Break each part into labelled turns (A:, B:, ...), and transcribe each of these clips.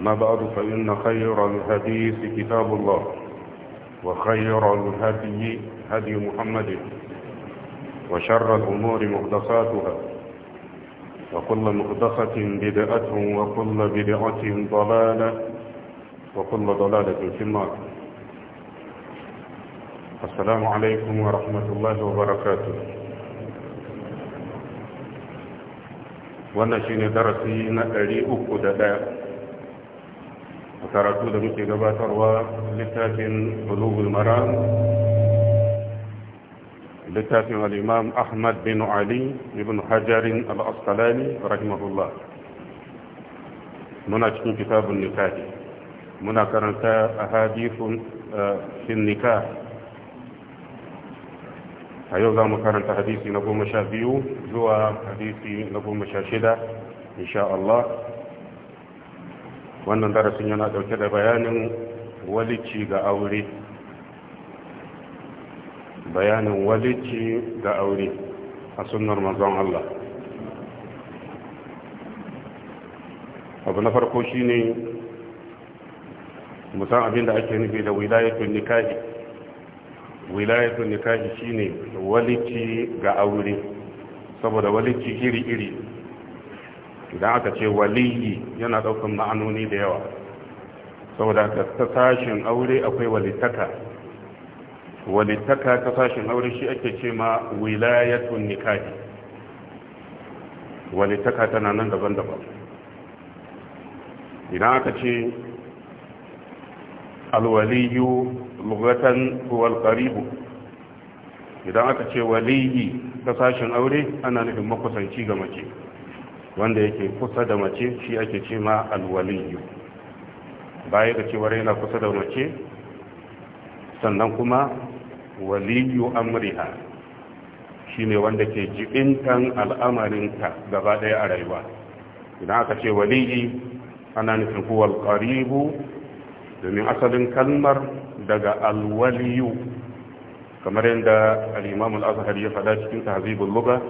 A: أما بعد فإن خير الحديث كتاب الله وخير الهدي هدي محمد وشر الأمور مهدساتها وكل مهدسة بدعة وكل بدعة ضلالة وكل ضلالة في النار السلام عليكم ورحمة الله وبركاته wannan shine darasi na karatu da muke gabatarwa littafin bulugul maram littafin al'imam ahmad bin ali ibn hajjarin al'askalani rahimahullah muna cikin kitabun nikahi muna karanta a hadifun eh, fin nikah a yau za mu karanta hadisi na goma sha biyu zuwa hadisi na goma sha shida insha'Allah. wannan darasin yana dauke da bayanin walici ga aure bayanin walici ga aure a sunnar manzon Allah abu na farko shine musan abinda ake nufi da wilayatul nikahi wilayatul nikahi shine walici ga aure saboda walici iri-iri idan aka ce waliyi yana daukan ma'anoni da yawa saboda ta tasashin aure akwai walitaka walitaka ta aure shi ake ce ma wilayatun nikahi walitaka tana nan daban-daban idan aka ce alwaliyu lugatan huwa alqaribu idan aka ce waliyi ta aure ana nufin makusanci ga mace wanda yake kusa da mace shi ake ce ma alwaliyu baya ga cewar yana kusa da mace sannan kuma waliyu amriha shi ne wanda ke jibintan al'amarinta gaba ɗaya a rayuwa idan aka ce waliyi ana nufin huwal ƙaribu domin asalin kalmar daga alwaliyu kamar yadda al'imamul azhar ya faɗa cikin tahzibul lugha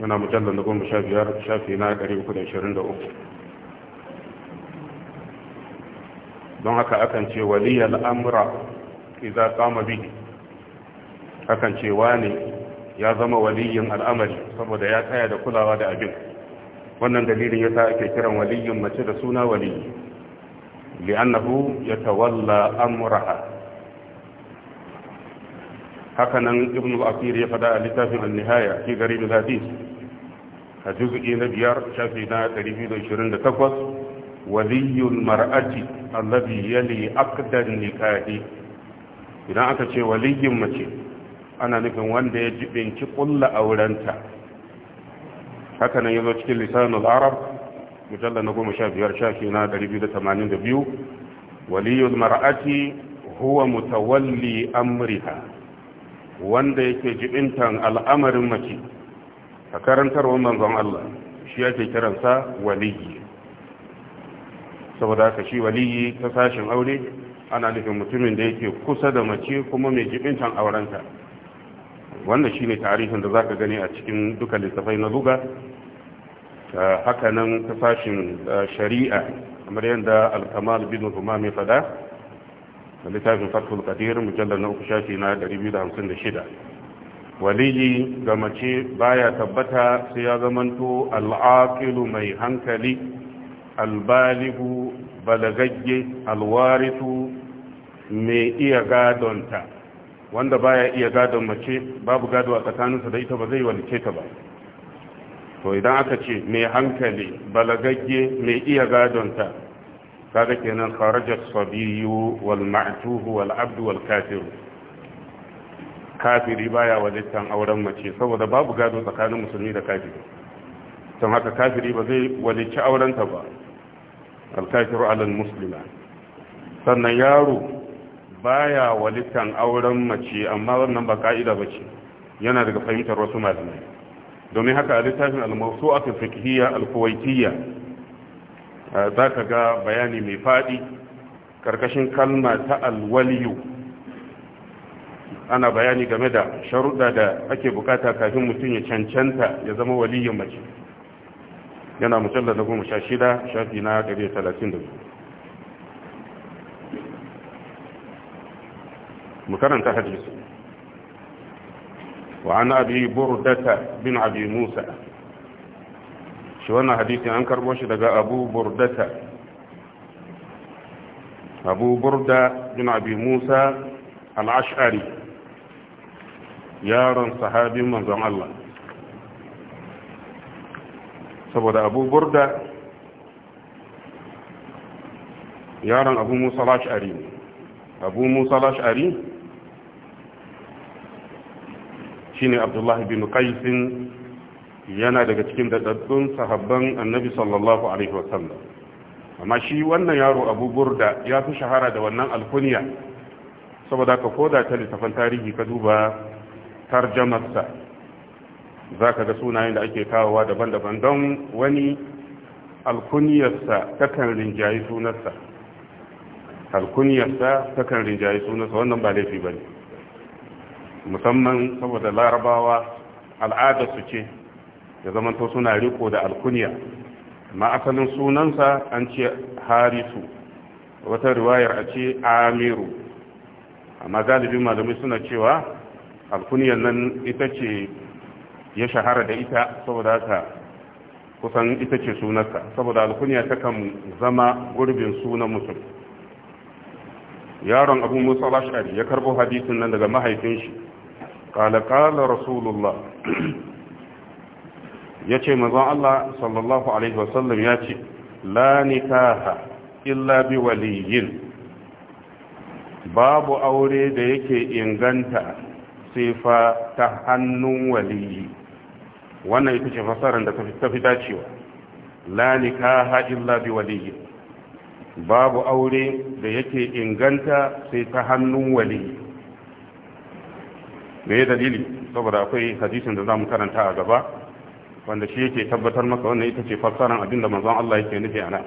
A: yana mujallar da goma sha biyar shafi na ɗari uku da ashirin da uku don haka akan ce waliyar amura iza kama bi? akan cewa ne ya zama waliyin al'amari saboda ya tsaya da kulawa da abin wannan dalilin yasa ake kiran waliyin mace da suna waliyi li'annahu yatawalla amraha hakanan ibnu al-akhir ya fada a littafin al-nihaya fi garib hadith a juz'i na biyar shafi na 228 waliyul mar'ati allazi yali aqdan nikahi idan aka ce waliyin mace ana nufin wanda ya jibinci kulla aurenta hakanan ya zo cikin lisanul arab mujalla na 15 shafi na 282 waliyul mar'ati huwa mutawalli amriha wanda yake jibintan al'amarin mace a karantarwar manzon Allah shi yake kiransa waliyi saboda haka shi waliyi ta sashin aure ana nufin mutumin da yake kusa da mace kuma mai jibintan aurenta wannan shine tarihin da zaka gani a cikin duka littafai na zuga haka nan ta sashin eh, shari'a kamar yadda al-kamal bin humami fada littafin fatul qadir mujallal na uku shafi na 256 waliyi ga mace baya tabbata sai ya zamanto al'aqilu mai hankali albaligu balagagge alwaritu mai iya gadonta wanda baya iya gadon mace babu gado a tsakaninsa da ita ba zai walke ta ba to idan aka ce mai hankali balagagge mai iya gadonta kaga kenan kharaja sabiyu wal ma'tuhu wal abdu wal kafiru kafiri baya walittan auren mace saboda babu gado tsakanin musulmi da kafiri don haka kafiri ba zai walici aurenta ba alkafiru alal muslima sannan yaro baya walittan auren mace amma wannan ba ka'ida ba ce yana daga fahimtar wasu malamai domin haka a littafin almasu a fifikiyya alkuwaitiyya eh, za ka ga bayani mai faɗi ƙarƙashin kalma ta alwaliyu ana bayani game da sharuɗa da ake bukata kafin mutum ya cancanta ya zama waliyin mace yana mujallar na goma sha shida shafi na ɗari talatin da mu karanta hadisi wa an abi burdata bin abi musa shi wannan hadisi an karbo shi daga abu burdata abu burda bin abi musa al-ash'ari yaron sahabin manzon Allah saboda abu burda yaron abu musa lashari abu musa lashari shi ne abdullahi bin kaisin yana daga cikin daɗaɗɗun sahabban annabi sallallahu alaihi wasallam amma shi wannan yaro abu burda ya fi shahara da wannan alkuniya saboda ka koda ta littafan tarihi ka duba tarjamarsa za ka ga sunayen da ake kawowa daban-daban don wani alkuniyarsa takan rinjayi sunarsa alkuniyarsa takan rinjaye sunarsa wannan ba laifi ba ne musamman saboda larabawa al'adarsu ce ya zamanto suna riko da alkuniya Ma'asanin asalin sunansa an ce harisu wata riwayar a ce amiru amma galibin malamai suna cewa alkuniyar nan ita ce ya shahara da ita saboda haka kusan ita ce sunarsa saboda alkuniyar ta kan zama gurbin sunan musulmi yaron abu musa al'ashari ya karbo hadisin nan daga mahaifin shi kalakala rasulullah ya ce mazan allah sallallahu alaihi wasallam ya ce la nikaha illa bi waliyin babu aure da yake inganta sai fa ta hannun waliyi wannan ita ce fasarar da ta fi dacewa lalika nikaha bi waliyi babu aure da yake inganta sai ta hannun waliyi me dalili saboda akwai hadisin da zamu karanta a gaba wanda shi yake tabbatar maka wannan ita ce fassarar abinda manzon Allah yake nufi a nan?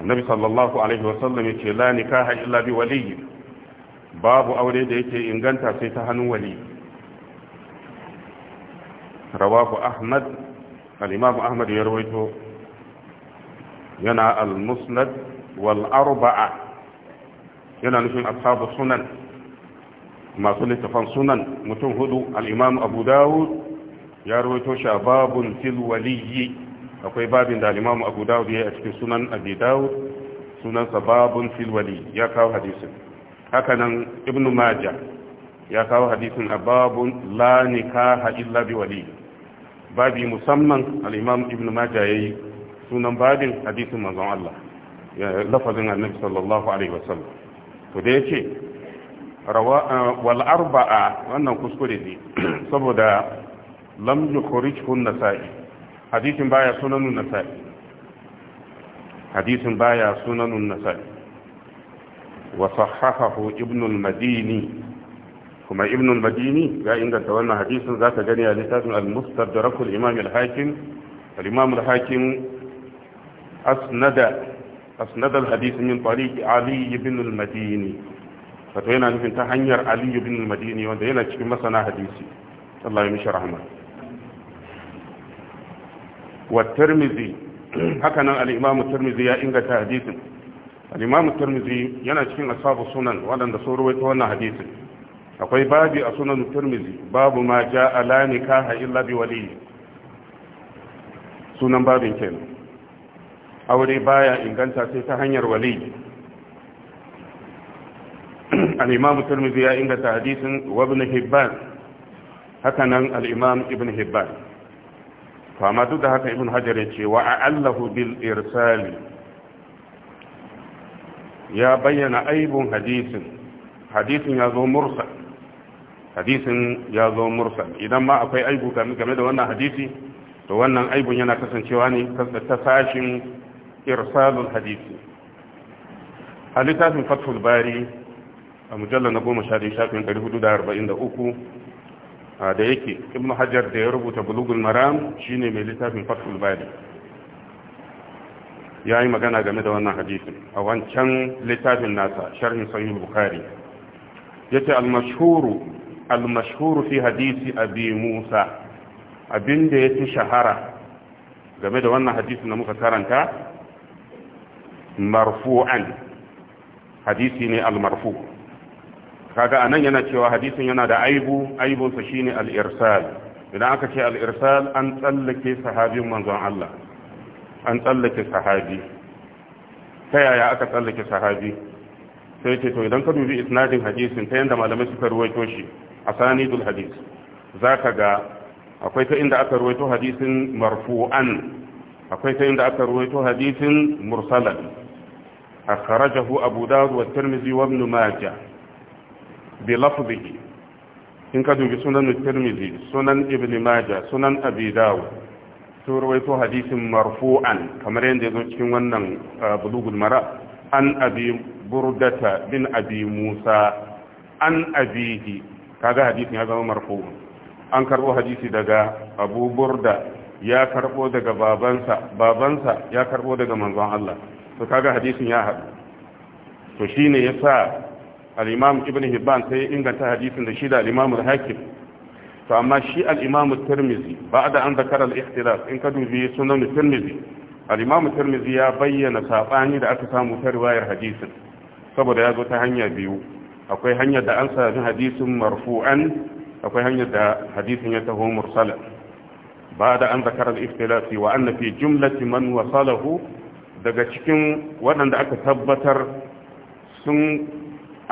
A: annabi sallallahu alaihi wasallam yace la nikaha illa bi waliyi babu aure da yake inganta sai ta hannun wali rawahu ahmad al-imam ahmad ya rawaito yana al-musnad wal arba'a yana nufin ashabu sunan masu littafan sunan mutum hudu al-imam abu dawud ya rawaito shi babun fil waliyyi akwai babin da al-imam abu dawud ya yi a cikin sunan abi dawud sunansa babun fil wali ya kawo hadisin Hakanan nan ibnu maja ya kawo hadisin ababun la nikaha illa bi wali babi musamman al-imam ibnu maja yayi sunan babin hadisin manzon Allah ya lafazin annabi sallallahu alaihi wasallam to da yace rawa wal arba'a wannan kuskure ne saboda lam yukhrijhu an-nasa'i hadisin baya sunanun nasa'i hadisin baya sunanun nasa'i وصححه ابن المديني كما ابن المديني لا عند تولنا حديث ذات جنيا لتاس المستدرك الإمام الحاكم الإمام الحاكم أسند أسند الحديث من طريق علي بن المديني فتوينا نفن تحنير علي بن المديني ودينا تشكي مسنا حديثي الله يمشي رحمه والترمذي هكذا الإمام الترمذي يا إنجا حديث al-imam tirmidhi yana cikin ashabu sunan wadanda sun ruwaito wannan hadisin akwai babi a sunan tirmidhi babu ma jaa la nikaha illa bi wali sunan babin kenan aure baya inganta sai ta hanyar wali al-imam tirmidhi ya inganta hadisin wa ibn hibban haka nan al-imam ibn hibban fa amma duk da haka ibn hajar ya ce wa a'allahu bil irsali ya bayyana aibun hadisin hadisin ya zo mursal hadisin ya zo mursal idan ma akwai aibu game da wannan hadisi to wannan aibun yana kasancewa ne ta sashin irsalul hadisi a littafin fathul bari a mujallar na goma sha biyu shafin ɗari hudu da arba'in da uku da yake ibn hajar da ya rubuta bulugul maram shine mai littafin fathul bari ya yi magana game da wannan hadisin a wancan littafin nasa sharhin sahih bukhari yace al-mashhuru al-mashhuru fi hadisi abi musa abinda yafi shahara game da wannan hadisin da muka karanta marfu'an hadisi ne al-marfu kaga anan yana cewa hadisin yana da aibu aibunsa shine al-irsal idan aka ce al-irsal an tsallake sahabin manzon Allah an tsallake sahabi ta yaya aka tsallake sahabi sai ce to idan ka dubi isnadin hadisin ta yanda malamai suka ruwaito shi a sanidul hadis za ka ga akwai ta inda aka ruwaito hadisin marfu'an akwai ta inda aka ruwaito hadisin mursalan akhrajahu abu dawud wa tirmidhi wa ibn majah bi lafzihi in ka dubi sunan tirmidhi sunan ibn majah sunan abi dawud sun rawaito hadisin marfu'an kamar yadda ya cikin wannan uh, bulugul mara an abi burdata bin abi musa an abihi kaga hadisin ya zama marfu'un an karbo hadisi daga abu burda ya karbo daga babansa babansa ya karbo daga manzon Allah to kaga hadisin ya haɗu to shine yasa al-imam ibn hibban sai inganta hadisin da shi da al-imam al-hakim to amma shi al'imamu tirmizi ba'da an zakara al in ka dubi sunan tirmizi Al'imamu tirmizi ya bayyana sabani da aka samu ta riwayar hadisin saboda ya zo ta hanya biyu akwai hanyar da an sami hadisin marfu'an akwai hanyar da hadisin ya taho mursala ba'da an zakara al-ihtilaf wa anna fi jumlati man wasalahu daga cikin waɗanda aka tabbatar sun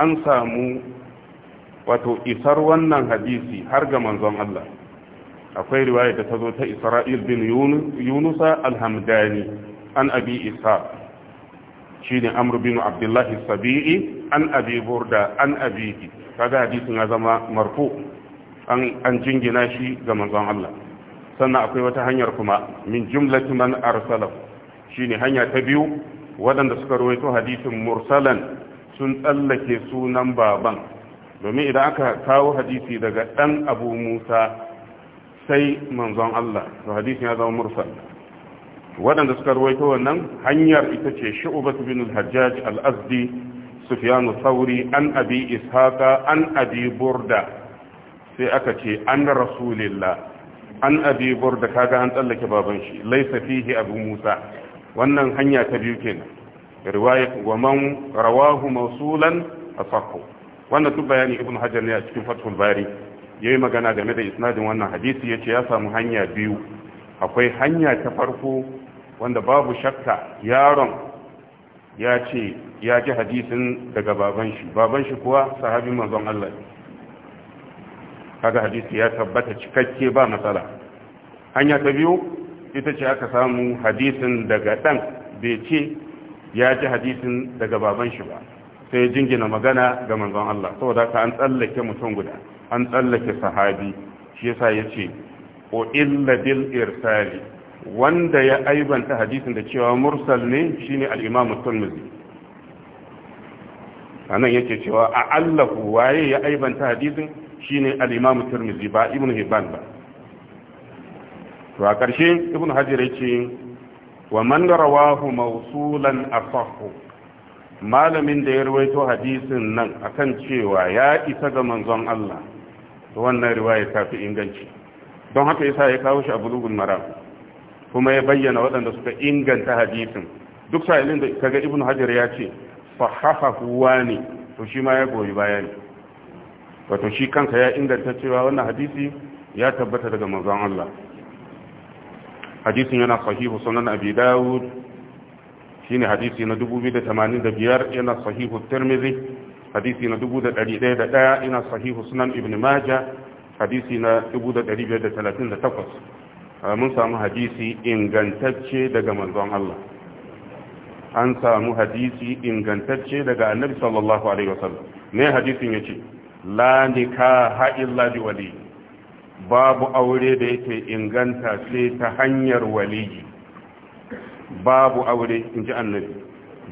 A: an samu wato isar wannan hadisi har ga manzon Allah akwai riwaya da ta zo ta Isra'il bin Yunusa al-Hamdani an abi Isa shine Amr bin Abdullah sabii an abi Burda an Ki kaga hadisin ya zama marfu an an jingina shi ga manzon Allah sannan akwai wata hanyar kuma min jumlatin man Shi shine hanya ta biyu waɗanda suka rawaito hadisin mursalan sun tsallake sunan baban domin idan aka kawo hadisi daga ɗan abu musa sai manzon Allah to hadisi ya zama mursal waɗanda suka ruwaito wannan hanyar ita ce shu'batu bin al-hajjaj al-azdi sufyan thawri an abi ishaqa an abi burda sai aka ce an rasulillah an abi burda kaga an tsallake baban shi laysa fihi abu musa wannan hanya ta biyu kenan riwayat wa man rawahu mawsulan asahhu wannan duk bayani ibn hajar ne a cikin fathul bari yayi magana game da isnadin wannan hadisi yace ya samu hanya biyu akwai hanya ta farko wanda babu shakka yaron ya ce ya ji hadisin daga baban shi baban shi kuwa sahabin manzon Allah kaga hadisi ya tabbata cikakke ba matsala hanya ta biyu ita ce aka samu hadisin daga dan bai ce ya ji hadisin daga baban shi ba sai jingina magana ga manzon Allah saboda ka an tsallake mutum guda an tsallake sahabi shi yasa yace o illa bil irsali wanda ya aibanta hadisin da cewa mursal ne shine al-imam at-tirmidhi anan yake cewa a allahu waye ya aibanta hadisin shine al-imam at-tirmidhi ba ibnu hibban ba to a ƙarshe ibnu hajar yace wa man rawahu mawsulan asahhu malamin da ya ruwaito hadisin nan akan cewa ya isa ga manzon Allah to wannan riwaya ta fi inganci don haka yasa ya kawo shi a bulugul maram kuma ya bayyana waɗanda suka inganta hadisin duk sa'ilin da kaga ibnu hajar ya ce sahahahu wani to shi ma ya goyi bayani wato shi kanka ya inganta cewa wannan hadisi ya tabbata daga manzon Allah hadisin yana sahihu sunan abi daud shine hadisi na 2085 yana sahihu tirmidhi hadisi na 1101 yana sahihu sunan ibn majah hadisi na 1538 mun samu hadisi ingantacce daga manzon Allah an samu hadisi ingantacce daga annabi sallallahu alaihi wasallam ne hadisin yace la nikaha illa bi wali babu aure da yake inganta sai ta hanyar waliyi babu aure in ji annabi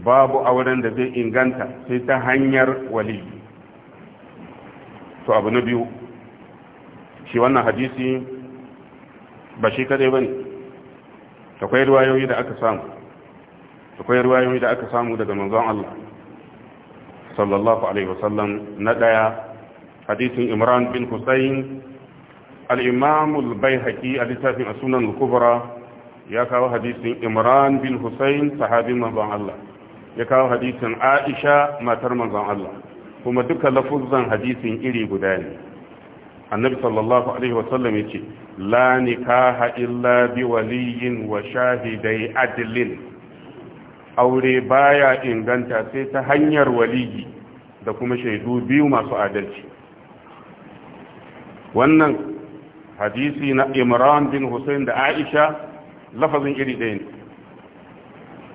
A: babu auren da zai inganta sai ta hanyar wali to abu na biyu shi wannan hadisi ba shi kadai ba ne akwai ruwayoyi da aka samu akwai ruwayoyi da aka samu daga manzon Allah sallallahu alaihi wasallam na daya hadisin Imran bin Husayn al-Imam al bayhaqi a littafin As-Sunan al-Kubra ya kawo hadisin imran bin husayn sahabin manzon Allah ya kawo hadisin aisha matar manzon Allah kuma duka lafuzan hadisin iri guda ne annabi sallallahu alaihi wasallam ya ce la nikaha illa bi waliyin wa shahidai adlin aure baya inganta sai ta hanyar waliyi da kuma shaidu biyu masu adalci wannan hadisi na imran bin husayn da aisha lafazin iri ɗaya ne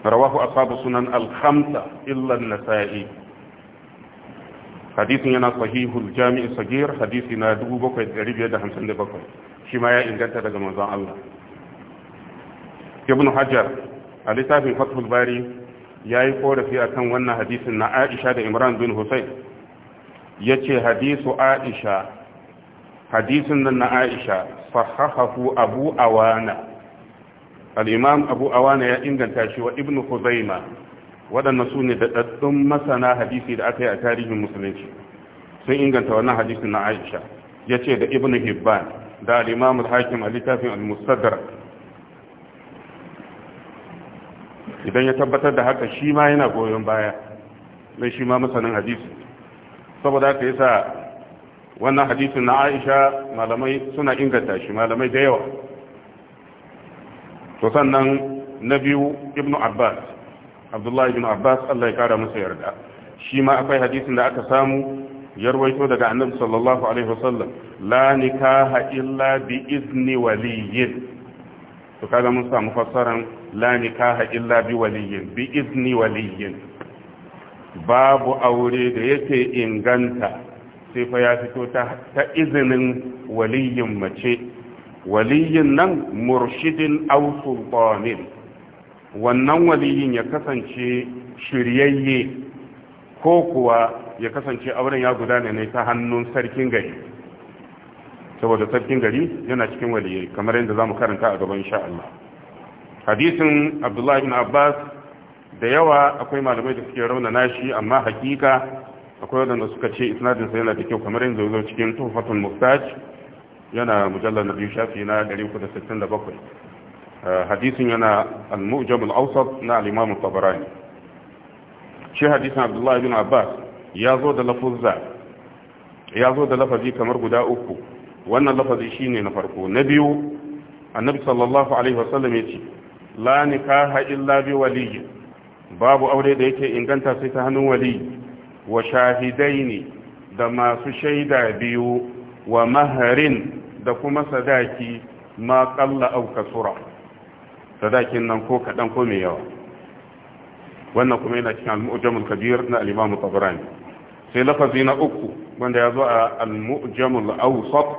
A: rawahu ashabu sunan al-khamsa illa an-nasa'i hadisin yana sahihul jami'i sagir hadisi na 7557 shi ma ya inganta daga manzon Allah ibn hajar a littafin fathul bari ya yi korafi akan wannan hadisin na Aisha da Imran bin Husayn ce hadisu Aisha hadisin nan na Aisha sahahahu Abu Awana al abu abu awana ya inganta shi wa ibnu khuzaima waɗannan su ne daɗaɗɗun masana hadisi da aka yi a tarihin musulunci sun inganta wannan hadisi na aisha ya ce da ibn hibban da al-imam a littafin al-mustadrak idan ya tabbatar da haka shi ma yana goyon baya mai shi ma masanin hadisi saboda haka yasa wannan hadisin na aisha malamai suna inganta shi malamai da yawa to sannan na biyu ibnu abbas abdullahi ibn abbas allah ya kara masa yarda shi ma akwai hadisin da aka samu yarwaito daga annabi sallallahu alaihi wasallam la nikaha illa bi izni waliyyin to kaga mun samu fassaran la nikaha illa bi waliyyin bi izni waliyyin babu aure da yake inganta sai fa ya fito ta izinin waliyin mace waliyin nan murshidin aw sultanin wannan waliyin ya kasance shiryayye ko kuwa ya kasance auren ya gudana ne ta hannun sarkin gari saboda sarkin gari yana cikin waliyi kamar yadda zamu mu karanta a gaban insha Allah hadisin abdullahi ibn abbas da yawa akwai malamai da suke raunana shi amma hakika akwai wanda suka ce isnadin sa yana da kyau kamar yadda zo cikin tuhfatul mustaj yana mujallar na biyu shafi na 367 eh, hadisin yana al-mujam al-awsat na al-imam al-tabarani shi hadisin abdullahi bin abbas ya zo da lafuzza ya zo da lafazi kamar guda uku wannan lafazi shine na farko na biyu annabi sallallahu alaihi wasallam yace la nikaha illa bi waliyyi babu aure da yake inganta sai ta hannun wali wa shahidaini da masu shaida biyu wa maharin da kuma sadaki ma qalla aw sura, sadakin nan ko kaɗan ko mai yawa wannan kuma yana cikin al-mu'jamul kabir na al-imam tabrani sai lafazi na uku wanda ya zo a al-mu'jamul awsat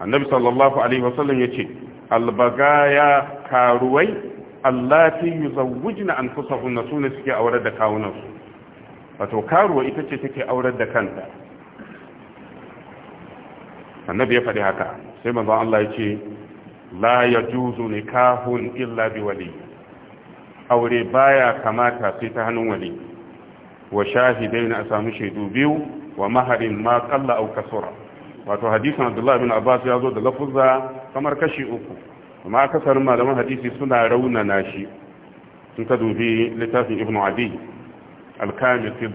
A: annabi sallallahu alaihi wasallam yace al-bagaya karuwai allati yuzawwijna anfusahunna sunne suke aure da kawunansu wato karuwa ita ce take aurar da kanta annabi ya faɗi haka sai manzon Allah ya ce la yajuzu nikahun illa bi wali aure baya kamata sai ta hannun wali wa shahidaina a samu shaidu biyu wa maharin ma qalla aw kasura wato hadisin Abdullah ibn Abbas ya zo da lafuzza kamar kashi uku amma akasarin malaman hadisi suna raunana shi sun ka dubi littafin Ibn Abi al-Kamil fi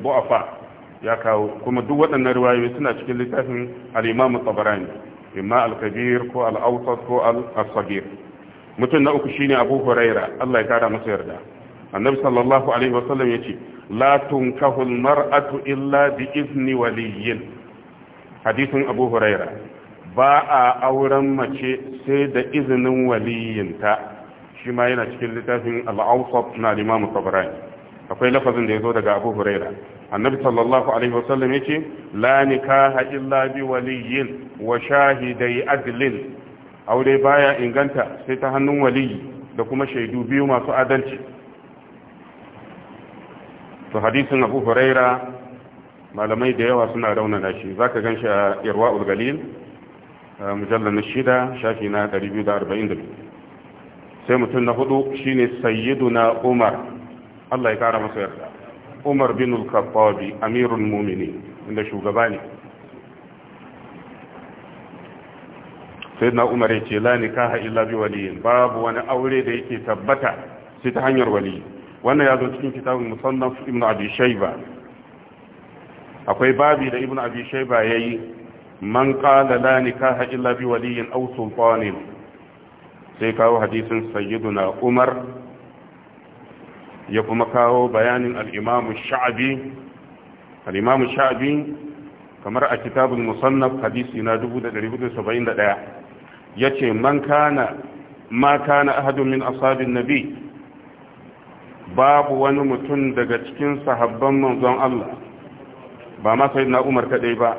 A: ya kawo kuma duk waɗannan riwayoyi suna cikin littafin al-Imam Tabarani imma al-Kabir ko al-Awsat ko al-Sabir mutum na uku shine Abu Huraira Allah ya kara masa yarda Annabi sallallahu alaihi wasallam yace la tunkahu al-mar'atu illa bi izni waliyyin hadisin Abu Huraira ba a auren mace sai da izinin waliyinta shi ma yana cikin littafin al-Awsat na Imam Tabarani akwai lafazin da ya zo daga abu huraira annabi sallallahu alaihi wasallam ya ce la nikaha illa bi waliyin wa shahidai adlin aure baya inganta sai ta hannun waliyi da kuma shaidu biyu masu adalci to hadisin abu huraira malamai da yawa suna raunana shi zaka gan shi a irwa'ul galil mujallar na shida shafi na 242 sai mutum na hudu shine sayyiduna umar Allah ya kara masa yarda Umar bin al-Khattab amirul mu'minin inda shugaba ne sayyidina Umar ya ce la nikaha illa bi waliyin babu wani aure da yake tabbata sai ta hanyar wali wannan ya zo cikin kitabun musannaf ibn abi shayba akwai babi da ibn abi shayba yayi man qala la nikaha illa bi waliyin aw sultanin sai kawo hadisin sayyiduna Umar ya kuma kawo bayanin al'imamu sha'abi al'imamu sha'abi kamar a kitabun musannaf hadisi na 1471 ya ce man kana ma kana ahadun min asabin nabi babu wani mutum daga cikin sahabban manzon Allah ba ma sai na umar kadai ba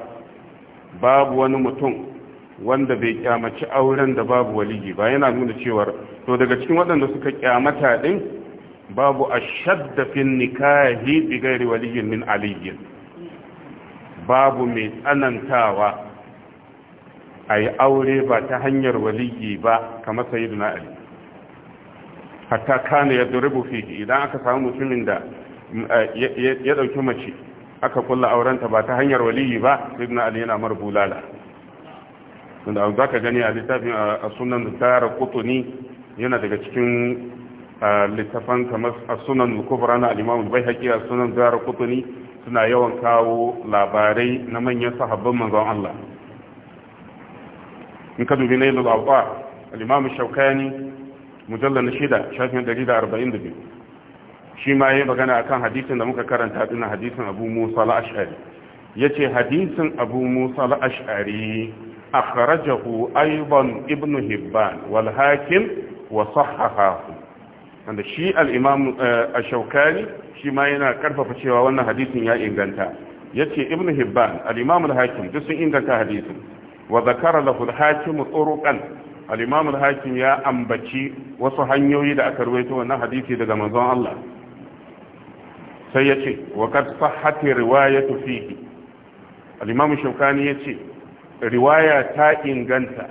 A: babu wani mutum wanda bai kyamaci auren da babu waliji ba yana nuna cewar to daga cikin waɗanda suka kyamata ɗin babu ashadda fin nikahi bi waliyin min aliyyin babu mai tsanantawa yi aure ba ta hanyar waliyi ba kamar sayyiduna ali hatta ya durubu fihi idan aka samu mutumin da mm, eh, ya dauki mace aka kulla aurenta ba ta hanyar waliyi ba sayyiduna ali yana marbulala abu za ka gani a littafin a sunan da tara yana daga cikin littafan kamar sunan kubra na al bai al a sunan dar qutni suna yawan kawo labarai na manyan sahabban manzon Allah in ka dubi nailul awqa al-imam shaukani na shida shafin 142 shi ma ya yi magana a kan hadisin da muka karanta din hadisin Abu Musa al Ya ce hadisin Abu Musa al a akhrajahu aidan ibn Hibban wal hakim wa sahahahu wanda shi al'imam eh, a shaukani shi ma yana karfafa cewa wannan hadisin ya inganta ya ce ibn hibban al'imam al-hakim duk sun inganta hadisin wa zakara lahul hakim tsorukan al'imam al ya ambaci wasu hanyoyi da aka ruwaito wannan hadisi daga manzon Allah sai ya ce wa kad sahhati riwayatu fihi al shaukani ya ce riwaya ta inganta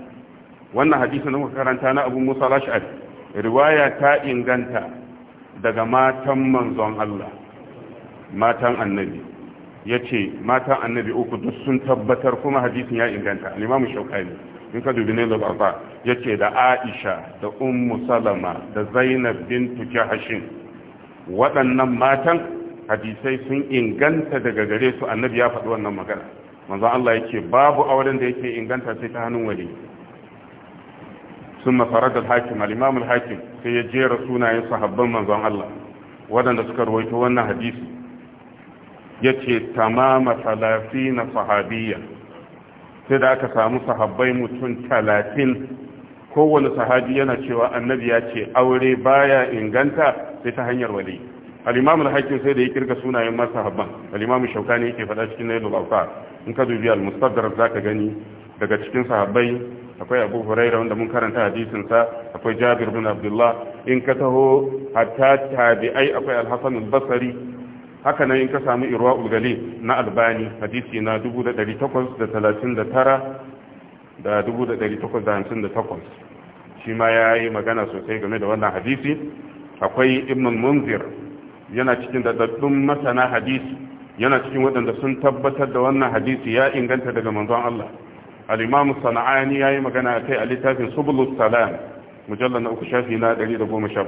A: wannan hadisi na karanta na abu musa al riwaya ta inganta daga matan manzon Allah matan annabi ya ce matan annabi uku duk sun tabbatar kuma hadisin ya inganta alimamu shaukani in ka dubi ne labarba ya ce da aisha da ummu salama da zainab bintu jahashin waɗannan matan hadisai sun inganta daga gare su annabi ya faɗi wannan magana manzon Allah yake babu auren da yake inganta sai ta hannun wali sun mafarar hakim al'imamul hakim sai ya jera sunayen sahabban manzon Allah waɗanda suka rawaito wannan hadisi ya ce tamama talafi na sahabiya sai da aka samu sahabbai mutum talatin kowane sahabi yana cewa annabi ya ce aure baya inganta sai ta hanyar wali al'imamul hakim sai da ya kirga sunayen masu sahabban al'imamun shaukani yake faɗa cikin nailul autar in ka dubi al-mustadar za ka gani daga cikin sahabbai akwai abu huraira wanda mun karanta hadisinsa akwai jabir bin abdullah in ka taho hatta tabi'ai akwai alhassan albasari haka nan in ka samu irwa ulgali na albani hadisi na 1839 da 1858 shi ma ya yi magana sosai game da wannan hadisi akwai ibn munzir yana cikin daɗaɗɗun masana hadisi yana cikin waɗanda sun tabbatar da wannan hadisi ya inganta daga manzon Allah al sana'ani ya yayi magana kai a littafin subulus salam mujallar na uku shafi na 117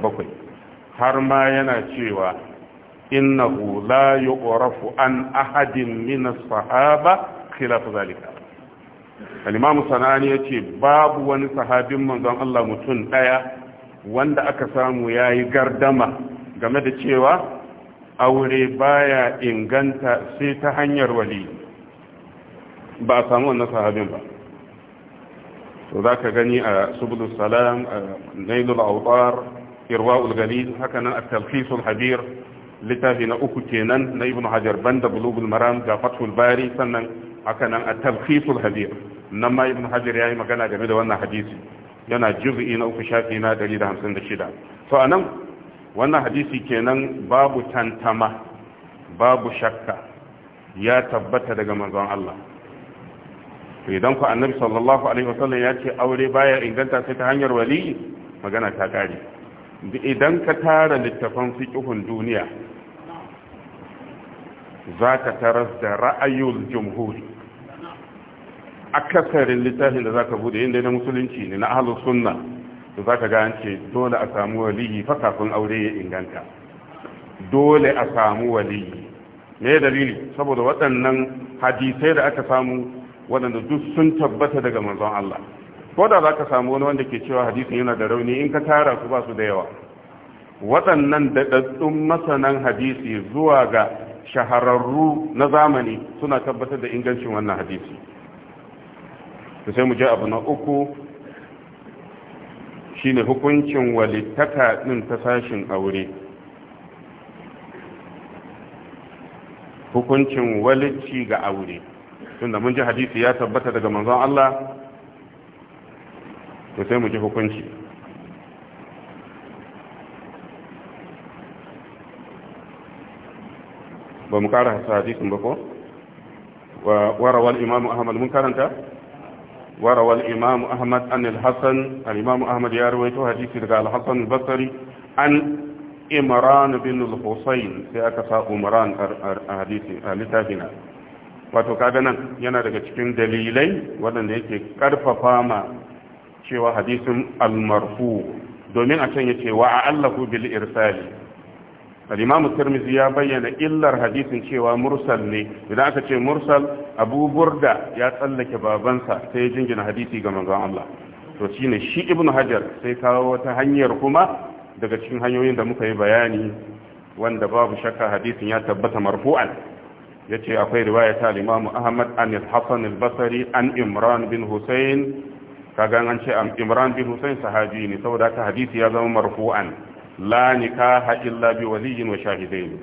A: har ma yana cewa innahu la ƙorafu an ahadin min as-sahaba khilaf zalika al-imam sana'ani yace babu wani sahabin manzon Allah mutun daya wanda aka samu yayi gardama game da cewa aure baya inganta sai ta hanyar wali ba a samu wannan sahabin ba to za ka gani a subulus salam a nailul autar irwa galil haka nan a talfisul habir littafi na uku kenan na ibn hajar banda bulubul maram ga fatul bari sannan haka nan a talfisul habir nan ma ibn hajar ya yi magana game da wannan hadisi yana juz'i na uku shafi na 156 to nan wannan hadisi kenan babu tantama babu shakka ya tabbata daga manzon Allah to idan ku annabi sallallahu alaihi wasallam ya ce aure baya inganta sai ta hanyar wali magana ta kare idan ka tara littafan fiqhun duniya za ka taras da ra'ayul jumhuri akasarin littafin da za ka bude inda na musulunci ne na ahalus sunna da za ka gane ce dole a samu waliyi fa kafin aure ya inganta dole a samu waliyi me dalili saboda waɗannan hadisai da aka samu waɗanda duk sun tabbata daga manzon Allah ko da za ka samu wani wanda ke cewa hadisi yana da rauni in ka tara su ba su da yawa waɗannan daɗaɗɗun masanan hadisi zuwa ga shahararru na zamani suna tabbatar da ingancin wannan hadisi to sai mu je abu na uku shine hukuncin walittaka ɗin ta sashin aure hukuncin walici ga aure tunda mun ji hadisi ya tabbata daga manzon Allah to sai mu ji hukunci ba mu kara hadisin ba ko wa warawal imam ahmad mun karanta warawal imam ahmad an al-hasan al-imamu ahmad ya rawaito hadisi daga al-hasan al-basri an imran bin al-husayn sai aka sa umran a hadisi a littafina wato kaga nan yana daga cikin dalilai waɗanda yake ƙarfafa ma cewa hadisin almarfu domin a can cewa wa allahu bil irsali al tirmizi ya bayyana illar hadisin cewa mursal ne idan aka ce mursal abu burda ya tsallake babansa sai ya jingina hadisi ga manzon Allah to shine shi ibnu hajar sai kawo wata hanyar kuma daga cikin hanyoyin da muka yi bayani wanda babu shakka hadisin ya tabbata marfu'an ya ce akwai riwaya ta limamu ahmad an hassan al-basari an imran bin hussein kaga an ce imran bin hussein sahabi ne saboda ta hadisi ya zama marfu'an la nikaha illa bi waliyin wa shahidain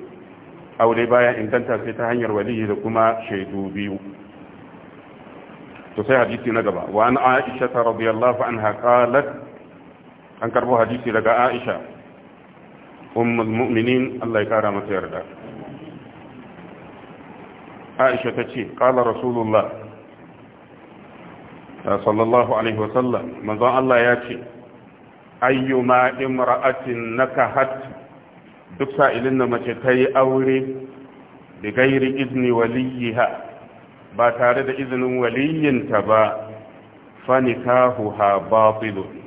A: aure baya inganta sai ta hanyar waliyi da kuma shaidu biyu to sai hadisi na gaba wa an aisha ta radiyallahu anha qalat an karbo hadisi daga aisha ummul mu'minin Allah ya kara mata yarda aisha ta ce ƙala rasulullah sallallahu alaihi wasallam manzon Allah ya ce ayyuma imra'atin nakahat duk sa'ilin da mace ta yi aure da gairi izini waliyiha ba tare da izinin waliyinta ba fanikahuha batilun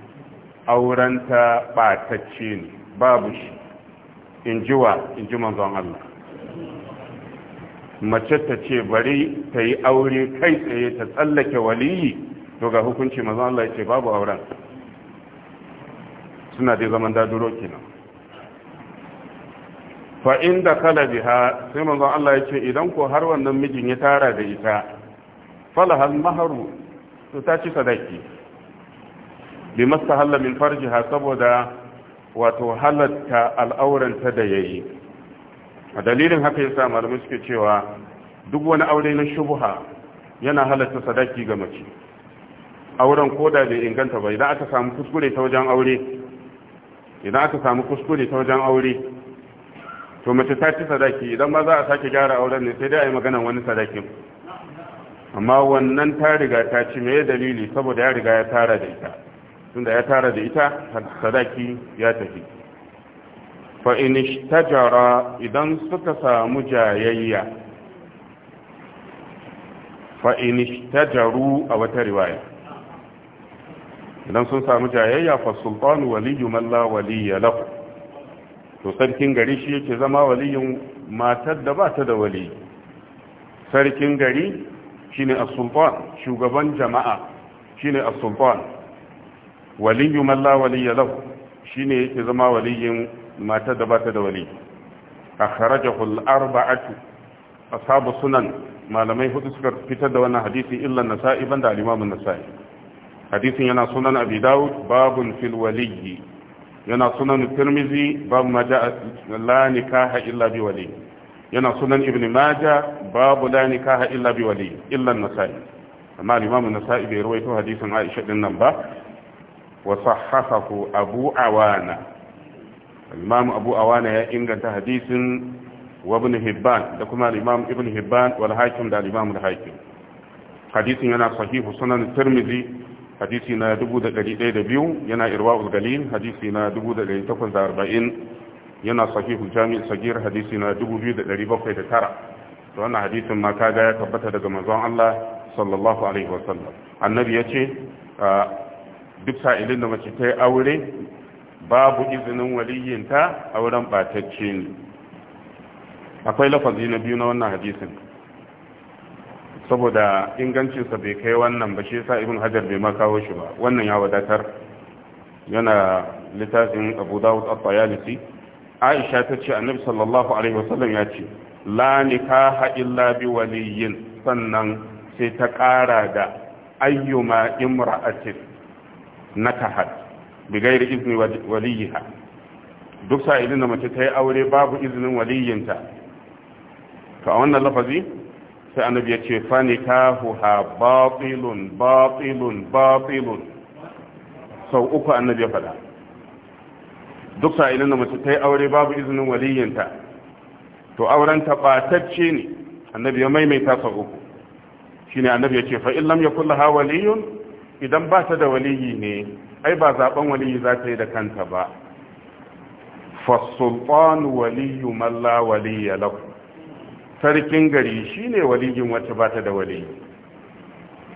A: ta ɓatacce ne babu shi in ji wa in ji manzon Allah mace ta ce bari ta yi aure kai tsaye ta tsallake waliyi to ga hukunci mazan Allah ya ce babu auren suna dai zaman daduro kenan fa inda kala biha sai mazan Allah ya ce idan ko har wannan mijin ya tara da ita falahal maharu to ta ci sadaki bi mastahalla min farjiha saboda wato halatta al'auranta da yayi a dalilin haka ya sa malamai suke cewa duk wani aure na shubuha yana halatta sadaki ga mace auren da bai inganta ba idan aka samu kuskure ta wajen aure idan aka samu kuskure ta wajen aure to mace ta ci sadaki idan ma za a sake gyara auren ne sai dai a yi magana wani sadakin amma wannan ta riga ta ci mai dalili saboda ya riga ya tara da ita tunda ya tara da ita sadaki ya tafi fa'in tajara idan suka samu jayayya fa'in tajaru a wata riwaya idan sun samu jayayya fa sultan waliyu malla waliyya lahu to sarkin gari shi yake zama waliyin matar da ba ta da wali sarkin gari shine as-sultan shugaban jama'a shine as-sultan waliyu malla waliya lahu shine yake zama waliyin matar da ba ta da wali akhrajahu al A sabu sunan malamai hudu suka fitar da wannan hadisi illa nasa'i banda al-imam an-nasa'i hadisin yana sunan abi daud babun fil yana sunan tirmizi babu ma ja'a la nikaha illa bi wali yana sunan ibn majah babu la nikaha illa bi wali Illan an-nasa'i amma al-imam an-nasa'i bai rawaito hadisin aisha din nan ba wa sahahahu abu awana imam abu awana ya inganta hadisin wabin ibn hibban da kuma imam ibn hibban wal hakim da imam al hakim hadisin yana sahihu sunan tirmidhi hadisi na 1102 yana irwaul galil hadisi na 1840 yana sahihu jami' sagir hadisi na 2709 to wannan hadisin ma kaga ya tabbata daga manzon Allah sallallahu alaihi wasallam annabi yace duk sa'ilin da mace ta yi aure babu izinin waliyinta a wurin batacce ne akwai lafazi na biyu na wannan hadisin saboda ingancinsa bai kai wannan ba shi sa ibn hajar bai ma kawo shi ba wannan ya wadatar yana littafin abu dawud al tayalisi aisha ta ce annabi sallallahu alaihi wasallam ya ce la nikaha illa bi waliyin sannan sai ta ƙara da ayyuma imra'atin nakahat bi bigayar izini waliyiha duk sa'ilin da mace ta yi aure babu izinin waliyinta to a wannan lafazi sai annabi ya ce fani kahuha batilun batilun batilun sau uku annabi ya faɗa duk sa'ilin da mace ta yi aure babu izinin waliyinta to auren taɓatacce ne annabi ya maimaita sau uku shine annabi ya ce fa'in lam ya kulla ha waliyun idan ba ta da waliyi ne ai ba zaben waliyi za ta yi da kanta ba fasultan waliyu malla waliyya lahu sarkin gari shine waliyin wacce ba ta da waliyi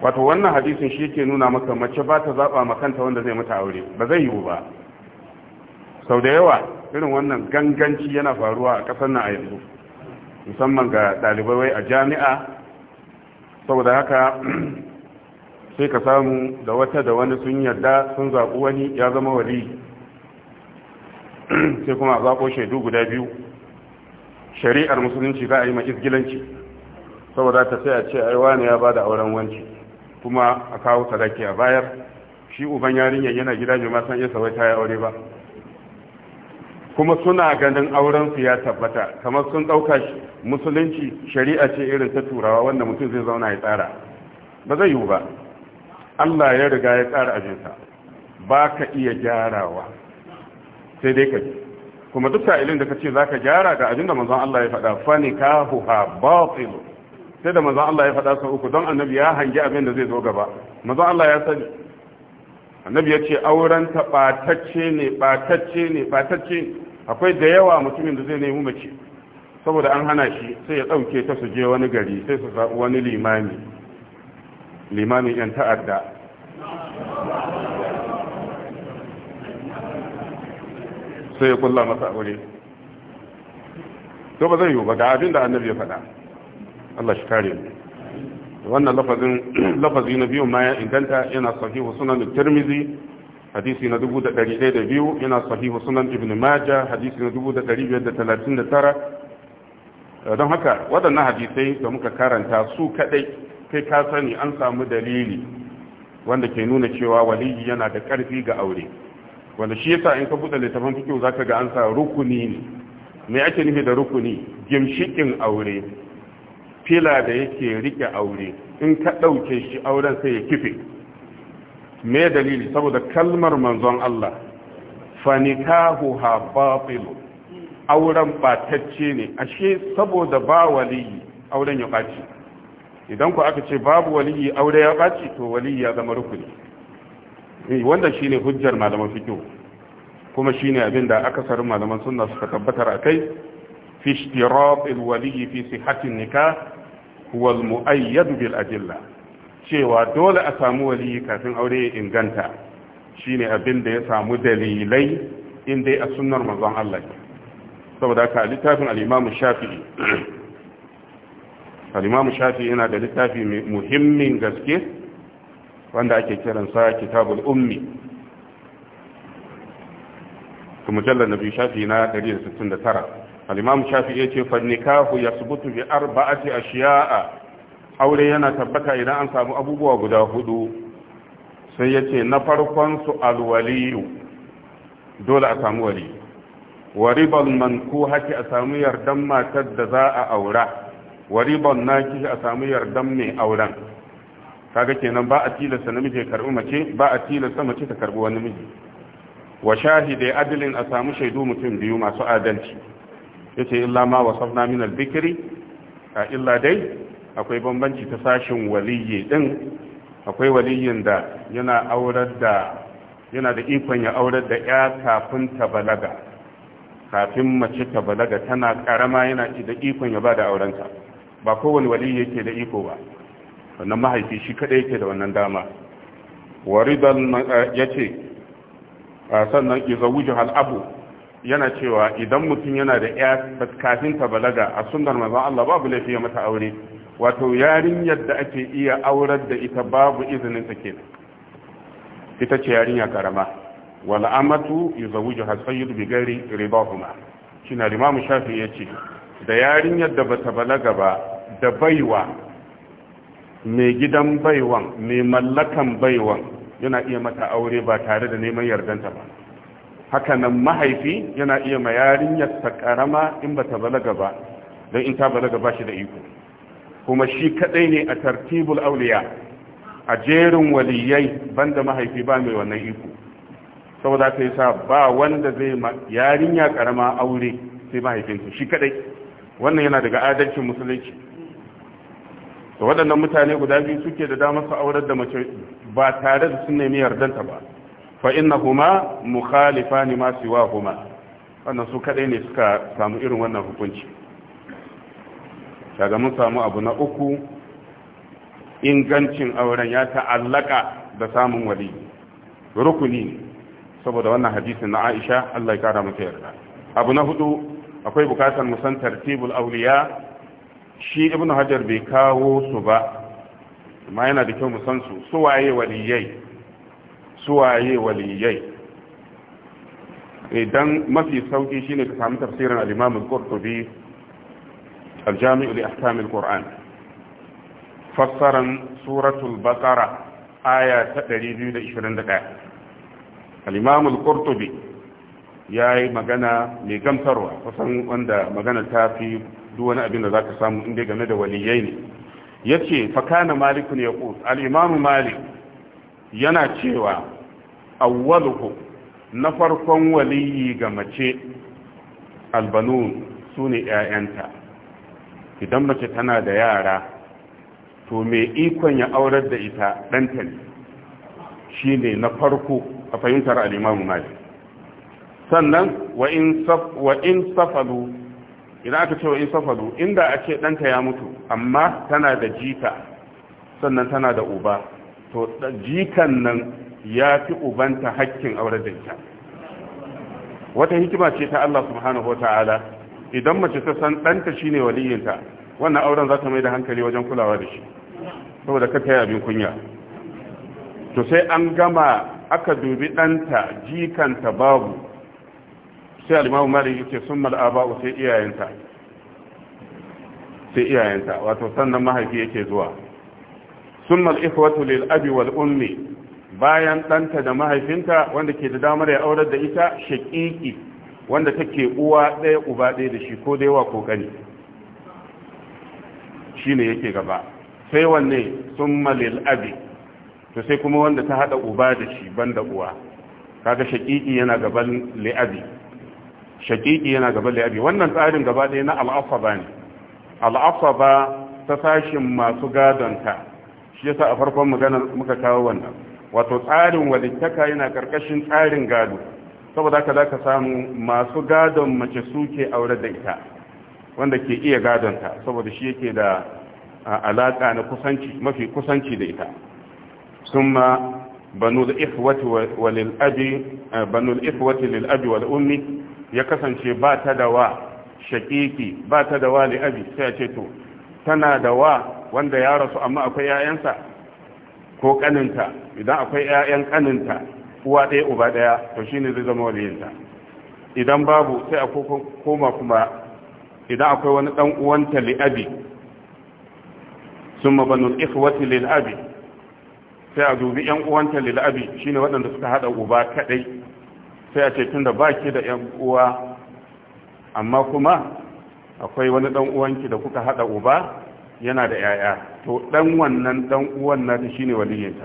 A: wato wannan hadisin shi yake nuna maka mace ba ta zaba ma kanta wanda zai mata aure ba zai yiwu ba sau da yawa irin wannan ganganci yana faruwa a ƙasar nan a yanzu musamman ga ɗalibai a jami'a saboda haka sai ka samu da wata da wani sun yarda sun zaɓi wani ya zama wali sai kuma a zaɓo shaidu guda biyu shari'ar musulunci za a yi ma'izgilanci saboda ta sai a ce aiwa wani ya ba da auren wanci kuma a kawo sadaki a bayar shi uban yarinyar yana gida jima ma san iya wai ta yi aure ba kuma suna ganin auren su ya tabbata kamar sun ɗauka musulunci shari'a ce irin ta turawa wanda mutum zai zauna ya tsara ba zai yiwu ba Allah ya riga ya tsara ajinsa ba ka iya gyarawa sai dai ka ji kuma duk sa'ilin da ka ce za ka gyara ga ajin da manzon Allah ya faɗa fani ka ba sai da manzon Allah ya faɗa sau uku don annabi ya hangi abin da zai zo gaba manzon Allah ya sani annabi ya ce auren ta ɓatacce ne ɓatacce ne ɓatacce akwai da yawa mutumin da zai nemi mace saboda an hana shi sai ya ɗauke ta su je wani gari sai su zaɓi wani limami limamin 'yan ta'adda sai ya kulla masa aure to ba zai yiwu ba ga abin da annabi ya faɗa Allah shi kare mu wannan lafazin lafazi na biyu ma ya inganta yana sahihu sunan tirmizi hadisi na 1102 yana sahihu sunan ibn majah hadisi na 1539 don haka waɗannan hadisai da muka karanta su kadai kai ka sani an samu dalili wanda ke nuna cewa waliyi yana da ƙarfi ga aure wanda shi yasa in ka buɗe littafin fikihu zaka ga an sa rukuni ne me ake nufi da rukuni gimshikin aure fila da yake rike aure in ka ɗauke shi auren sai ya kife me dalili saboda kalmar manzon Allah fanikahu ha batil auren batacce ne ashe saboda ba waliyi auren ya ɓaci idan ku aka ce babu waliyi aure ya baci to waliyi ya zama rukuni eh, wanda shine hujjar malaman fiqh kuma shine abin da akasarin malaman sunna suka tabbatar a kai. ishtirat waliyi fi sihhati nikah huwa bil cewa dole a samu waliyi kafin aure ya inganta shine abin da ya samu dalilai in dai a sunnar manzon Allah saboda ka littafin al-Imam Shafi'i al-imam shafi yana da littafi muhimmin gaske wanda ake kiransa kitabul ummi mujallar nabi shafi na 169 al-imam shafi yace fa nikahu yasbutu bi arba'ati ashiya'a aure yana tabbata idan an samu abubuwa guda hudu sai yace na farkon su alwaliyu dole a samu wali wa ribal haki a samu yardan matar da za a aura waribon na ki a samu yardan mai auren kaga kenan ba a tilasta namiji ya karbi mace ba a tilasta mace ta karbi wani miji wa shahide adalin a samu shaidu mutum biyu masu adalci yace illa ma wasafna min al-bikri a illa dai akwai bambanci ta sashin waliyyi din akwai waliyyin da yana aurar da yana da ikon ya aurar da ya kafin ta balaga kafin mace ta balaga tana karama yana da ikon ya ba da aurenta ba kowane wali yake da iko ba wannan mahaifi shi kada yake da wannan dama waridan eh, ya ce sannan izawuju abu yana cewa idan mutum yana da ya kafin ta balaga a sunnar manzon Allah babu laifi ya mata aure wato yarinyar da ake iya aurar da ita babu izinin ta ita ce yarinya karama wal amatu yuzawiju hasayyid bi ghairi ridahuma Limamu Shafi ya shafi yace da yarinyar da bata balaga ba da baiwa mai gidan baiwan mai mallakan baiwan yana iya mata aure ba tare da neman yardanta ba hakanan mahaifi yana iya ma yarinyar ta karama in bata balaga ba don in ta balaga ba shi da iko kuma shi kadai ne a tartibul auliya a jerin waliyai banda mahaifi ba mai wannan iko saboda ta yi sa ba wanda zai ma yarinya karama aure sai mahaifinta shi kadai wannan yana daga adalcin musulunci da waɗannan mutane guda biyu suke da damar su aurar da mace ba tare da sun nemi yardanta ba fa innahuma mukhalifani ma Huma. wannan su kadai ne suka samu irin wannan hukunci daga mun samu abu na uku ingancin auren ya ta'allaka da samun wali rukuni ne saboda wannan hadisin na Aisha Allah ya kara mata yarda abu na hudu akwai bukatar musan tartibul auliya shi Ibn hajar bai kawo su ba amma yana da kyau musan su suwaye waliyai suwaye waliyai idan mafi sauki shine ka samu tafsirin al-imam al-qurtubi al-jami' li ahkam al-qur'an fassaran suratul baqara aya ta 221 al-imam al-qurtubi ya yi magana mai gamsarwa kusan wanda magana ta fi duwani abin da za ka samu inda game da waliyyai ne ya ce fakana malikun ya ƙus al'imamu malik yana cewa awwaluhu na farkon waliyi ga mace albanu su ne 'ya'yanta idan mace tana da yara to mai ikon ya aurar da ita ɗanta ne shi ne na farko a fahimtar al'imamu malik sannan wa in safalu idan aka ce wa in safalu inda a ce ya mutu amma tana da jita sannan tana da uba to jikan nan ya fi ubanta hakkin aure da ita wata hikima ce ta Allah subhanahu wa ta'ala idan mace ta san ɗanta shine waliyinta wannan auren za ta mai da hankali wajen kulawa da shi saboda ka yi abin kunya to sai an gama aka dubi ɗanta jikanta babu sai alimamu malik yake sun mal'aba sai iyayenta sai iyayenta wato sannan mahaifi yake zuwa sun mal'ikwatu lil abi wal ummi bayan ɗanta da mahaifinta wanda ke da damar ya aurar da ita shaƙiƙi wanda take uwa ɗaya uba ɗaya da shi ko da ko gani shine yake gaba sai wanne sun malil abi to sai kuma wanda ta haɗa uba da shi banda uwa kaga shaƙiƙi yana gaban li'abi Shakiki yana gaban abi wannan tsarin gaba ɗaya na al'afaba ne al'afaba ta sashin masu gadonta shi yasa a farkon magana muka kawo wannan wato tsarin walittaka yana karkashin tsarin gado saboda haka za ka samu masu gadon mace suke aure da ita wanda ke iya gadonta saboda shi yake da alaƙa na kusanci mafi kusanci da ita Suma banu banul ikhwati lil abi wal ummi ya kasance ba ta da wa shakiki ba ta da wa li'abi sai a ce to tana da wa wanda ya rasu amma akwai 'ya'yansa ko ƙaninta idan akwai 'ya'yan ƙaninta uwa ɗaya uba ɗaya to shine zai zama waliyinta idan babu sai a koma kuma idan akwai wani ɗan uwanta li'abi sun mabanul ikhwati lil'abi sai a dubi 'yan uwanta lil'abi shine waɗanda suka haɗa uba kaɗai sai a ce tunda baki da yan uwa amma kuma akwai wani dan uwanki da kuka hada uba yana da yaya to dan wannan dan uwan nata shine waliyinta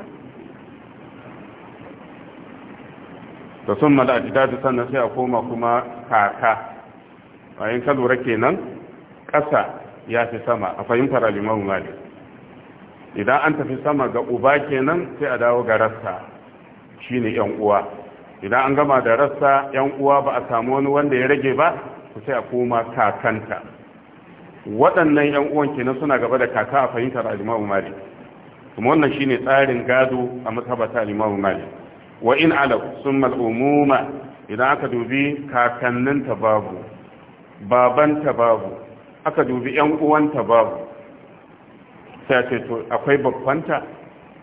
A: da sun mala'ati daji sannan sai a koma kuma kaka bayan ka lura kenan ƙasa ya fi sama a fahimtar alimahu mali idan an tafi sama ga uba kenan sai a dawo ga rasta shine yan uwa idan an gama da rassa yan uwa ba a samu wani wanda ya rage ba to sai a koma kakanta waɗannan yan uwan kenan suna gaba da kaka a fahimtar al-Imam Malik kuma wannan shine tsarin gado a mazhabata al-Imam Malik wa in alaf summa al-umuma idan aka dubi kakannin ta babu baban ta babu aka dubi yan uwan ta babu sai ce to akwai babbanta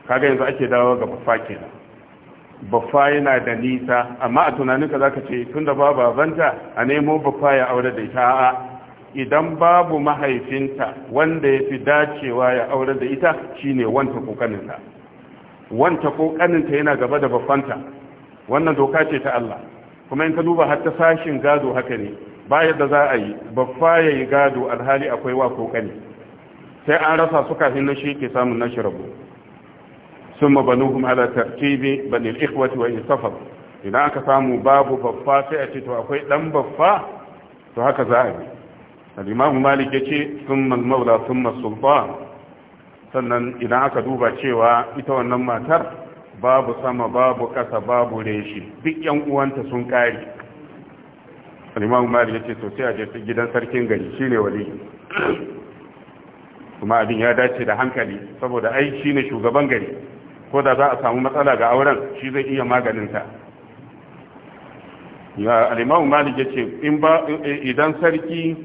A: kaga yanzu ake dawo ga babba kenan baffa yana da nisa amma a tunaninka za ka ce tun da babu babanta a nemo baffa ya aure da ita a'a idan babu mahaifinta wanda ya fi dacewa ya aure da ita shine wanta kokaninta wanta kokaninta yana gaba da baffanta wannan doka ce ta Allah kuma in ka duba har ta sashin gado haka ne ba yadda za a yi baffa ya yi gado alhali akwai wa kokani sai an rasa suka kafin na shi ke samun nashi rabo ثم بنوهم على ترتيب بني الإخوة وإن سفر إذا كساموا باب بفا سيأتي أخوي لم بفا فهكذا زائد الإمام مالك يتي ثم المولى ثم السلطان sannan idan aka duba cewa ita wannan matar babu sama babu kasa babu reshi duk yan uwanta sun kare alimamu mari ya ce sosai a jesu gidan sarkin gari ne wali kuma abin ya dace da hankali saboda ai ne shugaban gari ko da za a samu matsala ga auren shi zai iya maganinta al'imamu malik ya ce idan sarki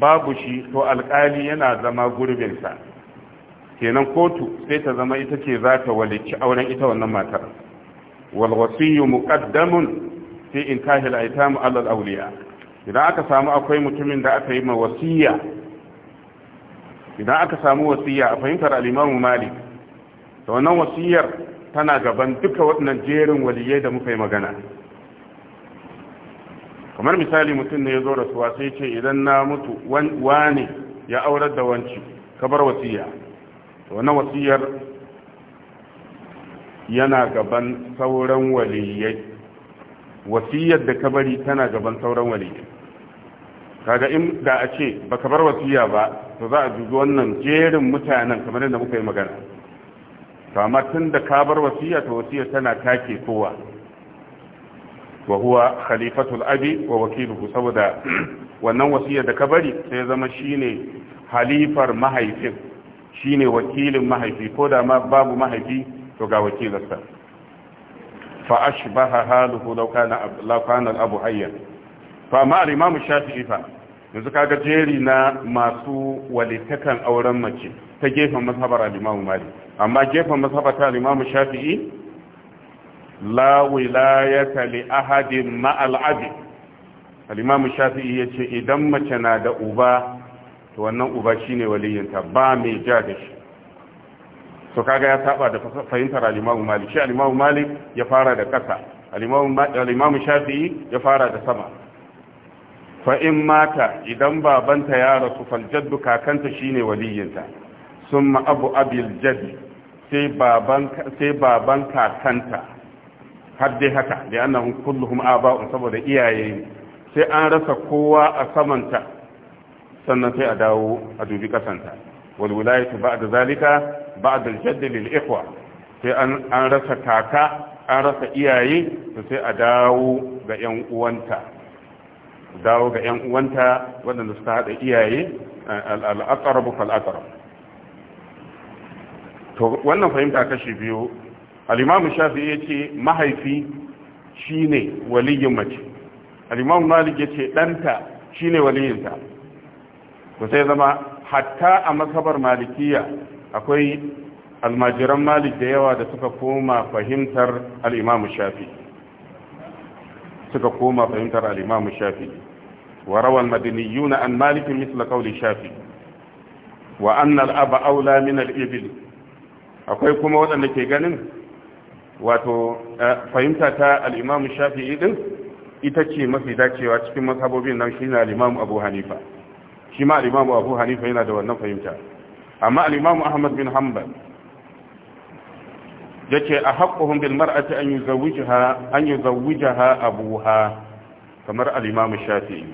A: babu shi to alkali yana zama gurbinsa kenan kotu sai ta zama ita ce za ta walici auren ita wannan matar walwasiyu muqaddamun fi inkahil aitam alal awliya idan aka samu akwai mutumin da aka yi ma wasiya idan aka samu wasiya a fahimtar al mali. malik da wannan wasiyar tana gaban duka waɗannan jerin waliyai da muka yi magana kamar misali mutum ne ya zo rasuwa sai ce idan na mutu wane ya aurar da wanci kabar wasiya da wannan wasiyar yana gaban sauran waliyai wasiyar da kabari tana gaban sauran waliyai kaga in da a ce baka bar wasiya ba to za a dubi wannan jerin mutanen kamar yadda muka yi magana to amma tun da ka bar wasiya to wasiya tana take kowa wa huwa khalifatul abi wa wakiluhu saboda wannan wasiya da ka bari sai zama shine halifar mahaifin shine wakilin mahaifi ko da ma babu mahaifi to ga wakilarsa fa ashbaha haluhu law kana law kana abu hayya fa ma al-imam shafi'i fa yanzu kaga jeri na masu walitakan auren mace ta gefen mazhabar al-Imam Malik amma gefen mazhabar ta al-Imam Shafi'i la wilayata li ahadin ma'al'abi. abi al-Imam Shafi'i yace idan mace na da uba to wannan uba shine waliyinta ba mai ja da shi to kaga ya saba da fahimtar al-Imam Malik shi al-Imam Malik ya fara da kasa al-Imam Shafi'i ya fara da sama fa in mata idan babanta ya rasu faljaddu kakanta shine waliyinta summa abu abil jadi sai baban kakanta har haka da annahum kulluhum saboda iyaye sai an rasa kowa a samanta sannan sai a dawo a dubi kasanta wal wilayatu da zalika ba'da al jadd lil sai an rasa kaka an rasa iyaye to sai a dawo ga yan uwanta dawo ga yan uwanta waɗanda suka hada iyaye al-aqrabu to wannan fahimta kashi biyu al Shafi ya ce mahaifi shi ne waliyin mace al-imam malik yace danta ne waliyinta to sai zama hatta a masabar malikiya akwai almajiran malik da yawa da suka koma fahimtar al Shafi, suka koma fahimtar al Shafi. shafi'i wa rawan na an malik misla shafi. wa anna aba aula min al-ibli akwai kuma waɗanda ke ganin wato eh, fahimta ta al'imamu shafi'i ɗin ita ce mafi dacewa cikin masabobin nan shi ne al'imamu abu hanifa shi ma al'imamu abu hanifa yana da wannan fahimta amma al'imamu ahmad bin hanbal ya ce a haƙƙuhun bil mar'ati an yi abu abuha kamar al'imamu shafi'i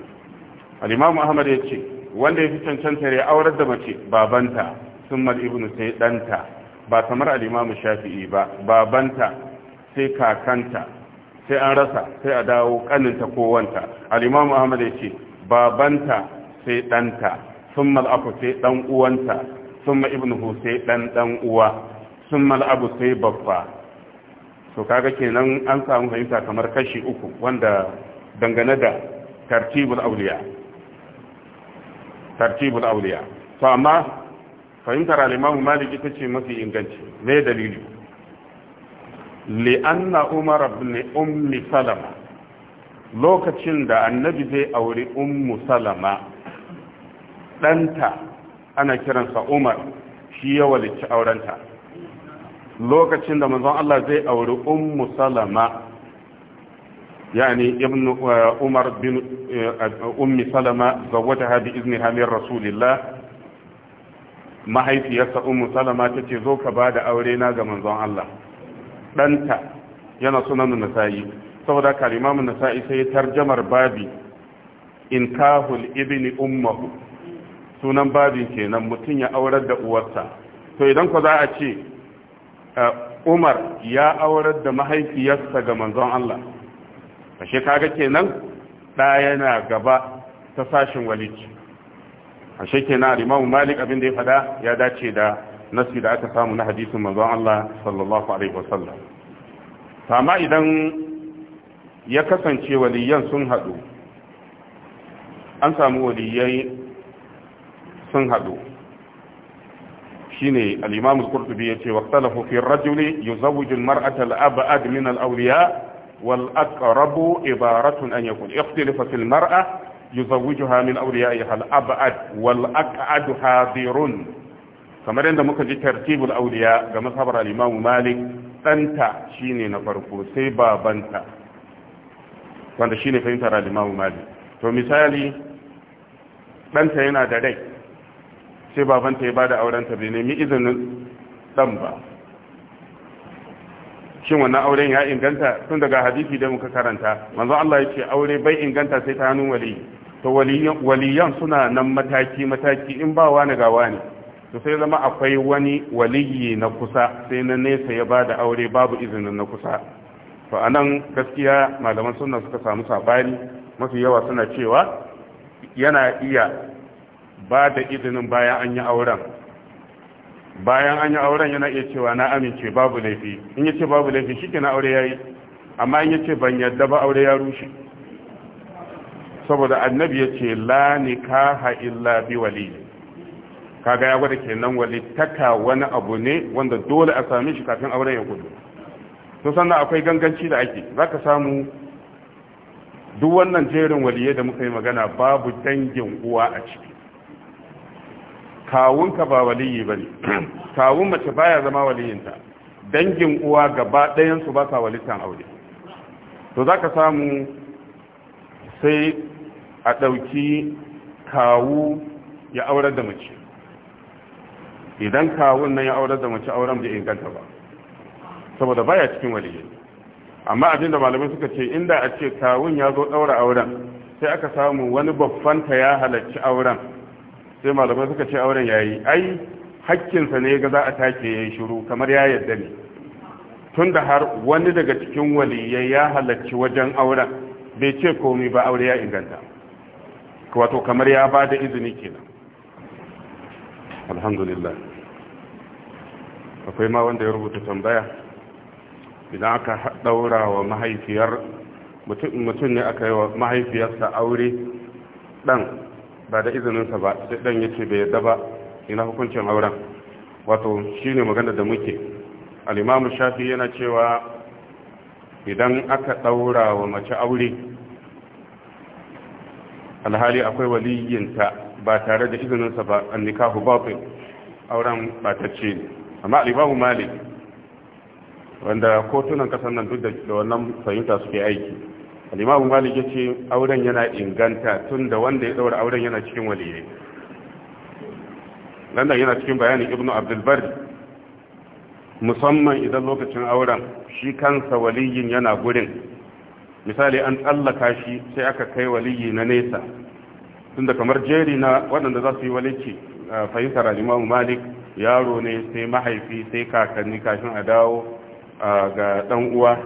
A: al'imamu ahmad ya ce wanda ya fi cancanta ya aurar da mace babanta sun mal ibnu sai ɗanta ba kamar al'imamu shafi'i ba babanta sai kakanta sai an rasa sai a dawo kaninta kowanta wanta al'imamu ahmad ya ce babanta sai ɗanta sun mal'afu sai ɗan uwanta sun ma'ibnuhu sai ɗan ɗan uwa sun mal'abu sai babba so kaga kenan an samu fahimta kamar kashi uku wanda dangane da tartibul auliya tartibul auliya to amma fahimtar alimamu Maliki malik ce mafi inganci mai dalili li'anna umar abin ummi salama lokacin da annabi zai auri ummu salama ɗanta ana kiransa umar shi ya walici aurenta lokacin da manzon Allah zai auri ummu salama yani ibn uh, umar bin uh, ummi salama zawwataha bi izni halin rasulillah mahaifiyarsa ummu salama ta ce zo ka ba da aure na ga manzon Allah ɗanta yana sunan nasa'i saboda ka imamu nasa'i sai ya tarjamar babi in kahul ibni ummahu sunan babin kenan mutum ya aurar da uwarsa to idan ku za a ce eh, umar ya aurar da mahaifiyarsa ga manzon Allah ashe kaga kenan ɗaya yana gaba ta sashin walici a shekke na limamu malik abin da ya fada ya dace da nasi da aka samu na hadisin manzon Allah sallallahu alaihi wasallam amma idan ya kasance waliyan sun hadu an samu waliyai sun hadu shine al-imam al-qurtubi yace waqtalahu fi ar-rajuli yuzawwiju al-mar'ata al-ab'ad min al-awliya wal aqrabu ibaratun an yakun ikhtalafa fi al-mar'a yuzawwijuha min awliyaiha al-ab'ad wal aq'ad hadirun kamar yadda muka ji tartibul awliya ga masabar al-imam malik danta shine na farko sai babanta wanda shine fahimtar al-imam malik to misali danta yana da rai sai babanta ya bada aurenta bai nemi izinin dan ba shin wannan auren ya inganta tun daga hadisi da muka karanta manzo Allah ya ce aure bai inganta sai ta hannun wali to waliyan suna nan mataki mataki in ba wani ga wani to sai zama akwai wani waliyi na kusa sai na nesa ya ba da aure babu izinin na kusa to anan gaskiya malaman sunna suka samu sabani mafi yawa suna cewa yana iya ba da izinin bayan an yi auren bayan an yi auren yana iya cewa na amince babu laifi in yace babu laifi shike na aure yayi amma in yace ban yadda ba aure ya rushe saboda annabi ya ce la nikaha illa bi wali kaga ya gwada kenan taka wani abu ne wanda dole a sami shi kafin auren ya gudu to sannan akwai ganganci da ake zaka samu duk wannan jerin waliye da muka yi magana babu dangin uwa a ciki kawunka ba waliyi bane kawun mace baya zama waliyinta dangin uwa gaba ɗayan su ba sa walitan aure to zaka samu sai a ɗauki kawu ya aurar da mace idan kawun nan ya aurar da mace auren bai inganta ba saboda baya cikin waliyyi amma da malamai suka ce inda a ce kawun ya zo ɗaura auren sai aka samu wani ta ya halarci auren sai malamai suka ce auren ya yi ai hakkinsa ne ga za a take ya yi shiru kamar ya yadda ne tun da har wani daga cikin waliyyai ya halarci wajen auren bai ce komi ba aure ya inganta wato kamar ya ba da izini kenan alhamdulillah akwai ma wanda ya rubuta tambaya idan aka daura wa mahaifiyar mutum ne aka yi wa mahaifiyarsa aure dan ba da izininsa ba sai dan ya ce bai yadda ba ina hukuncin auren wato shi ne magana da muke alimamu shafi yana cewa idan aka ɗaura wa mace aure alhali akwai waliyinta ba tare da izininsa ba an nikahu batil auren batacce ne amma alibahu malik wanda kotunan kasar nan duk da wannan fahimta suke aiki alimamu malik ya ce auren yana inganta tun da wanda ya daura auren yana cikin waliyyai. landan yana cikin bayanin ibnu abdulbari musamman idan lokacin auren shi kansa waliyyin yana gurin misali an tsallaka shi sai aka kai waliyi na nesa tunda kamar jeri na waɗanda za su yi walici fahimtar alimamu malik yaro ne sai mahaifi sai kakanni kashin a dawo ga ɗan uwa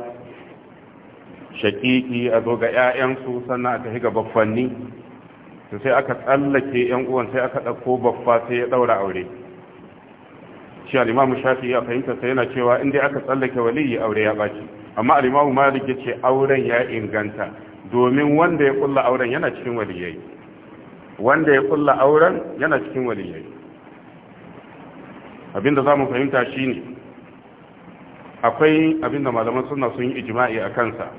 A: shaƙiƙi a zo ga 'ya'yansu sannan a tafi baffanni sai aka tsallake 'yan uwan sai aka ɗauko baffa sai ya ɗaura aure shi alimamu shafi ya fahimta sai yana cewa inda aka tsallake waliyi aure ya ɓaci amma al-imamu malik ce auren ya inganta domin wanda ya kulla auren yana cikin waliyai wanda ya kulla auren yana cikin waliyai abinda zamu fahimta shine akwai abinda malaman sunna sun yi ijma'i a kansa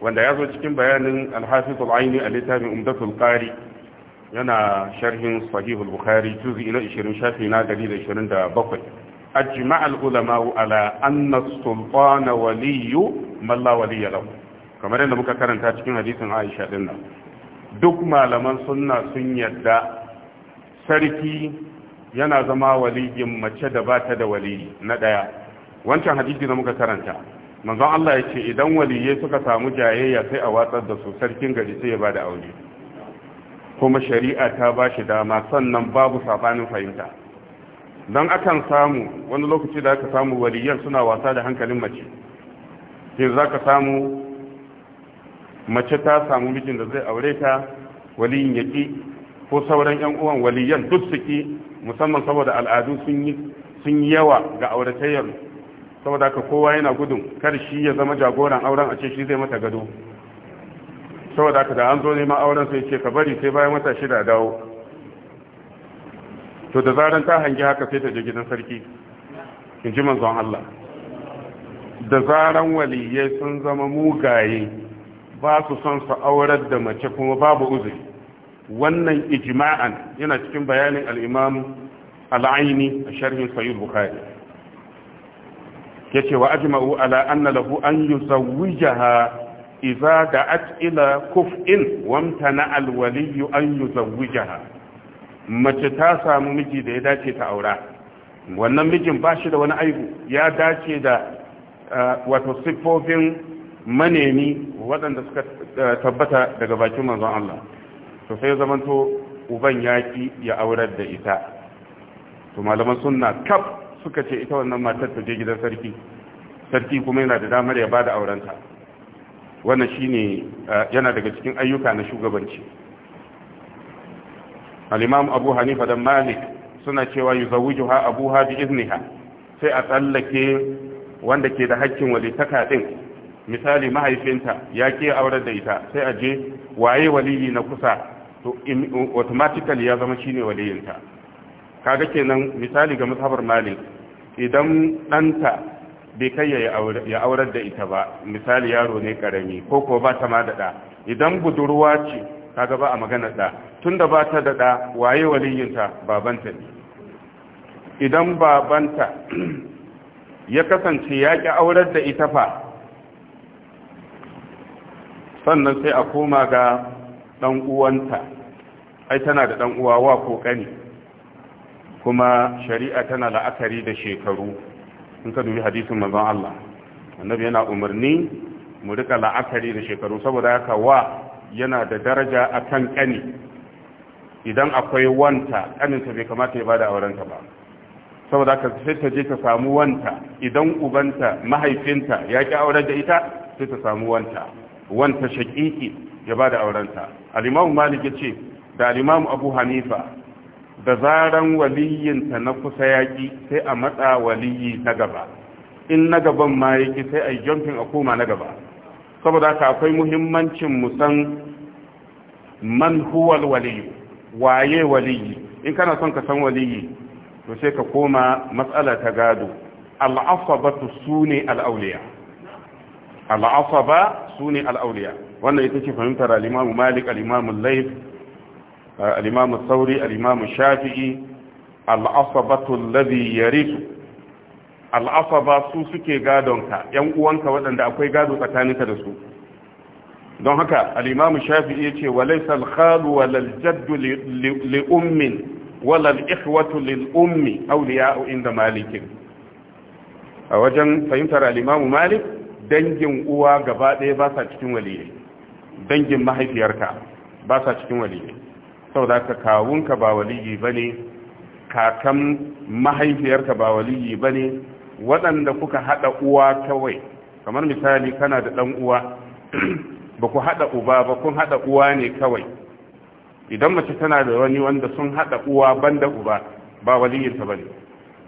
A: wanda ya zo cikin bayanin al-hafiz al-aini a littafin umdatul qari yana sharhin sahihul bukhari juz'i na 20 shafi na 127 أجمع العلماء على أن السلطان ولي من لا ولي له كما رأينا مكترا تاتكين حديث عائشة لنا duk malaman sunna sun yarda. sarki yana zama waliyin mace da ba ta da waliyi na ɗaya wancan hadisi da muka karanta manzon Allah ya ce idan waliyai suka samu jayayya sai a watsar da su sarkin gari sai ya ba da aure kuma shari'a ta ba shi dama sannan babu sabanin fahimta don akan samu wani lokaci da aka samu waliyan suna wasa da hankalin mace sai za ka samu mace ta samu mijin da zai aure ta waliyin ƙi, ko sauran 'yan uwan waliyan duk ƙi musamman saboda al'adu sun yi yawa ga auratayyar saboda haka kowa yana gudun kar shi ya zama jagoran auren a ce shi zai mata gado saboda haka da an zo neman auren sai ce ka bari sai bayan wata shida dawo to da zaran ta hangi haka sai ta je gidan sarki in ji manzon Allah da zaran waliyai sun zama mugaye ba su son su aurar da mace kuma babu uzuri wannan ijma'an yana cikin bayanin al-imam a sharhin sahih bukhari yace wa ajma'u ala anna lahu an yuzawwijaha idza da'at ila kuf'in wamtana al-wali an yuzawwijaha mace ta samu miji da ya dace ta aura wannan mijin ba shi da wani aibu ya dace da eh, wato siffofin manemi waɗanda suka eh, tabbata daga bakin manzon Allah to sai zamanto uban yaki ya aurar da ita to malaman sunna kaf suka ce ita wannan matar ta je gidan sarki sarki kuma yana da damar ya bada aurenta wannan shine eh, yana daga cikin ayyuka na shugabanci al-imam abu hanifa da malik suna cewa abu ha bi izniha sai a tsallake wanda ke da hakkin walitaka din misali mahaifinta ya ke aurar da ita sai a je waye waliyi na kusa to automatically ya zama shine waliyinta kaga kenan misali ga mazhabar malik idan ɗanta bai kai ya aurar da ita ba misali yaro ne karami ko ko ba ta ma da idan budurwa ce kaga ba a magana da tunda ba ta da da waye waliyinta babanta ne idan babanta ya kasance ya ki aurar da ita fa sannan sai a koma ga dan uwanta ai tana da dan uwa wa ko kani kuma shari'a tana la'akari da shekaru in ka dubi hadisin manzon Allah annabi yana umarni mu rika la'akari da shekaru saboda haka wa yana da daraja a kan ƙani idan akwai wanta ƙaninta bai kamata ya bada aurenta ba saboda ka sai ta je ta samu wanta idan ubanta mahaifinta ya ƙi auren da ita sai ta samu wanta wanta shaƙiƙi ya bada aurenta alimamu malik ya ce da alimamu abu hanifa da zaran waliyinta na kusa yaƙi sai a matsa waliyi na gaba in na gaban ma ya ƙi sai a yi jamfin a koma na gaba saboda haka akwai muhimmancin mu san man huwal waliyu waye waliyi in kana son ka san waliyi to sai ka koma matsala ta gado al'asabatu sune al'auliya al'asaba sune al'auliya wannan ita ce fahimtar al Malik al Laif, Layth Sauri, imam Shafi'i al'asabatu alladhi yarithu Ala'fa ba su suke gadonka yan uwanka waɗanda akwai gado tsakaninka da su don haka al'imamu shafi ya ce wa laisa alkhalu wa laljaddu li ummin walal ikhwatu ummi inda malikin a wajen fahimtar al'imamu malik dangin uwa gaba ɗaya ba sa cikin waliyai dangin mahaifiyarka ba sa cikin waliyai saboda ka kawunka ba waliyi ne kakan mahaifiyarka ba waliyi ne. waɗanda kuka haɗa uwa kawai kamar misali kana da ɗan uwa ba ku haɗa uba ba kun haɗa uwa ne kawai idan mace tana da wani wanda sun haɗa uwa banda uba ba waliyinta ba ne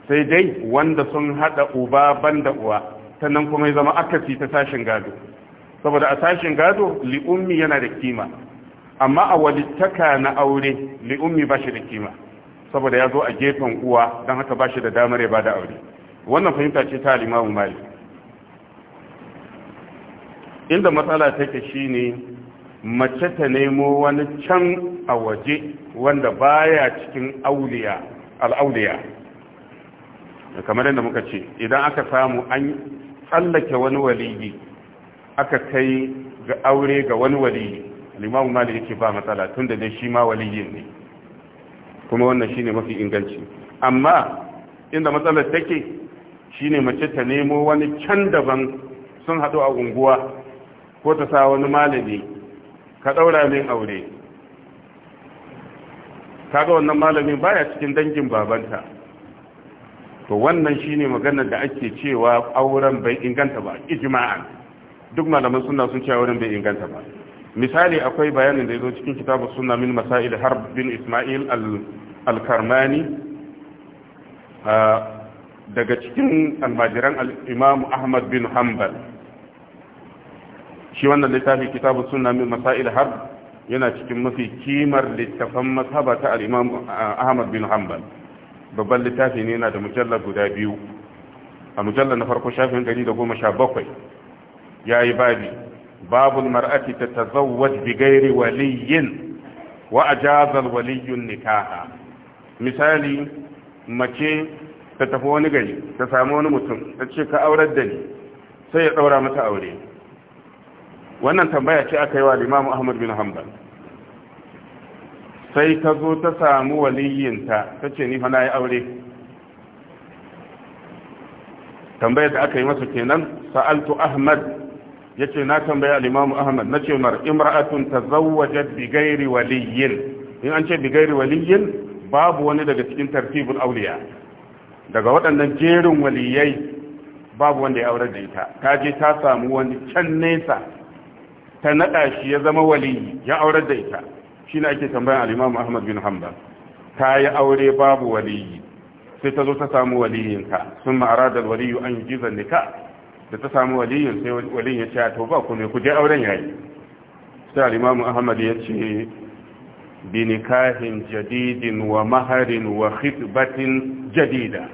A: sai dai wanda sun haɗa uba banda uwa sannan kuma ya zama akasi ta sashin gado saboda a sashin gado li'ummi yana da kima amma a walittaka na aure li'ummi ba shi da kima saboda ya zo a gefen uwa don haka ba shi da damar ya ba da aure wannan fahimta ce ta limamu mali inda matsala take ne, mace ta nemo wani can a waje wanda baya cikin auliya al'auliya kamar yadda muka ce idan aka samu an tsallake wani waliyi aka kai ga aure ga wani waliyi limamu mali yake ba matsala tun da shi ma waliyin ne kuma wannan shi ne mafi inganci amma inda matsalar take shine mace ta nemo wani can daban sun haɗu a unguwa ko ta sa wani malami ka ɗaura min aure kaga wannan malamin baya cikin dangin babanta to wannan shine maganar da ake cewa auren bai inganta ba ijima'a duk malaman suna sun ce auren bai inganta ba misali akwai bayanin da ya zo cikin kitabu suna min masail harbin isma'il al-karmani ah, daga cikin almajiran al'imamu ahmad bin hanbal shi wannan littafi kitabun suna min masa'il har yana cikin mafi kimar littafan masaba ta al'imamu ah, ahmad bin hanbal babban littafi ne yana da mujallar guda biyu a mujallar na farko shafin 117 ya yi babi babul mar'ati ta tazawwaj bigairi waliyyin waliyin wa ajazal waliyun nikaha misali mace ta tafi wani gari ta samu wani mutum ta ce ka aurar da ni sai ya ɗaura mata aure wannan tambaya ce aka yi wa limamu ahmad bin hanbal sai ta zo ta samu waliyinta ta ce ni fana ya aure Tambaya da aka yi masa kenan sa'altu ahmad ya ce na tambaya limamu ahmad na ce mar imra'atun ta zawaje bigairi waliyin in an ce bigairi waliyin babu wani daga cikin tartibin auliya daga waɗannan jerin waliyai babu wanda ya aure da ita ta je ta samu wani can nesa ta naɗa shi ya zama waliyi ya aure da ita shi ne ake tambayan alimamu ahmad bin hanbal ta yi aure babu waliyi sai ta zo ta samu waliyinka sun ma'ara da waliyu an yi jizan nika da ta samu waliyin sai waliyin ya ce to ba ku ne ku je auren ya yi. sai alimamu ahmad ya ce bi nikahin jadidin wa maharin wa khitbatin jadida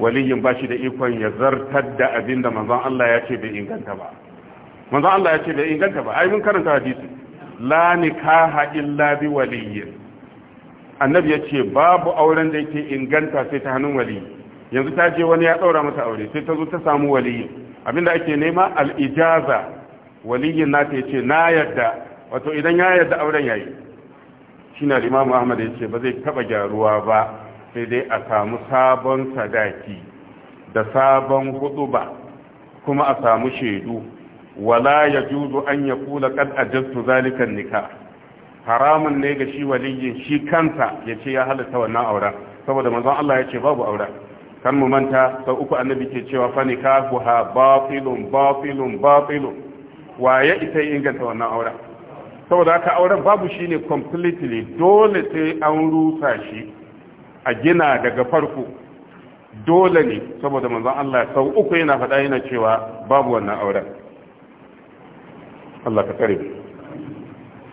A: waliyin ba shi da ikon ya zartar da abin da manzon Allah ya ce bai inganta ba manzon Allah ya ce bai inganta ba ai mun karanta hadisi la nikaha illa bi waliyin annabi ya ce babu auren da yake inganta sai ta hannun waliyi yanzu ta je wani ya daura mata aure sai ta zo ta samu waliyi abinda ake nema al-ijaza waliyin nata yace na yadda wato idan ya yadda auren yayi shine al-imamu ahmad yace ba zai taba gyaruwa ba sai dai a samu sabon sadaki da sabon huduba kuma a samu shaidu wala ya juzu an ya kula kan ajastu zalikan nika haramun ne ga shi waliyin shi kansa ya ce ya halatta wannan aura saboda manzon Allah ya ce babu aura kan mu manta sau uku annabi ke cewa fa nikahuha batilun batilun batilun ya ita inganta wannan aura saboda haka auren babu shine completely dole sai an rusa shi a gina daga farko dole ne saboda manzon Allah sau uku yana faɗa yana cewa babu wannan auren Allah ka tsare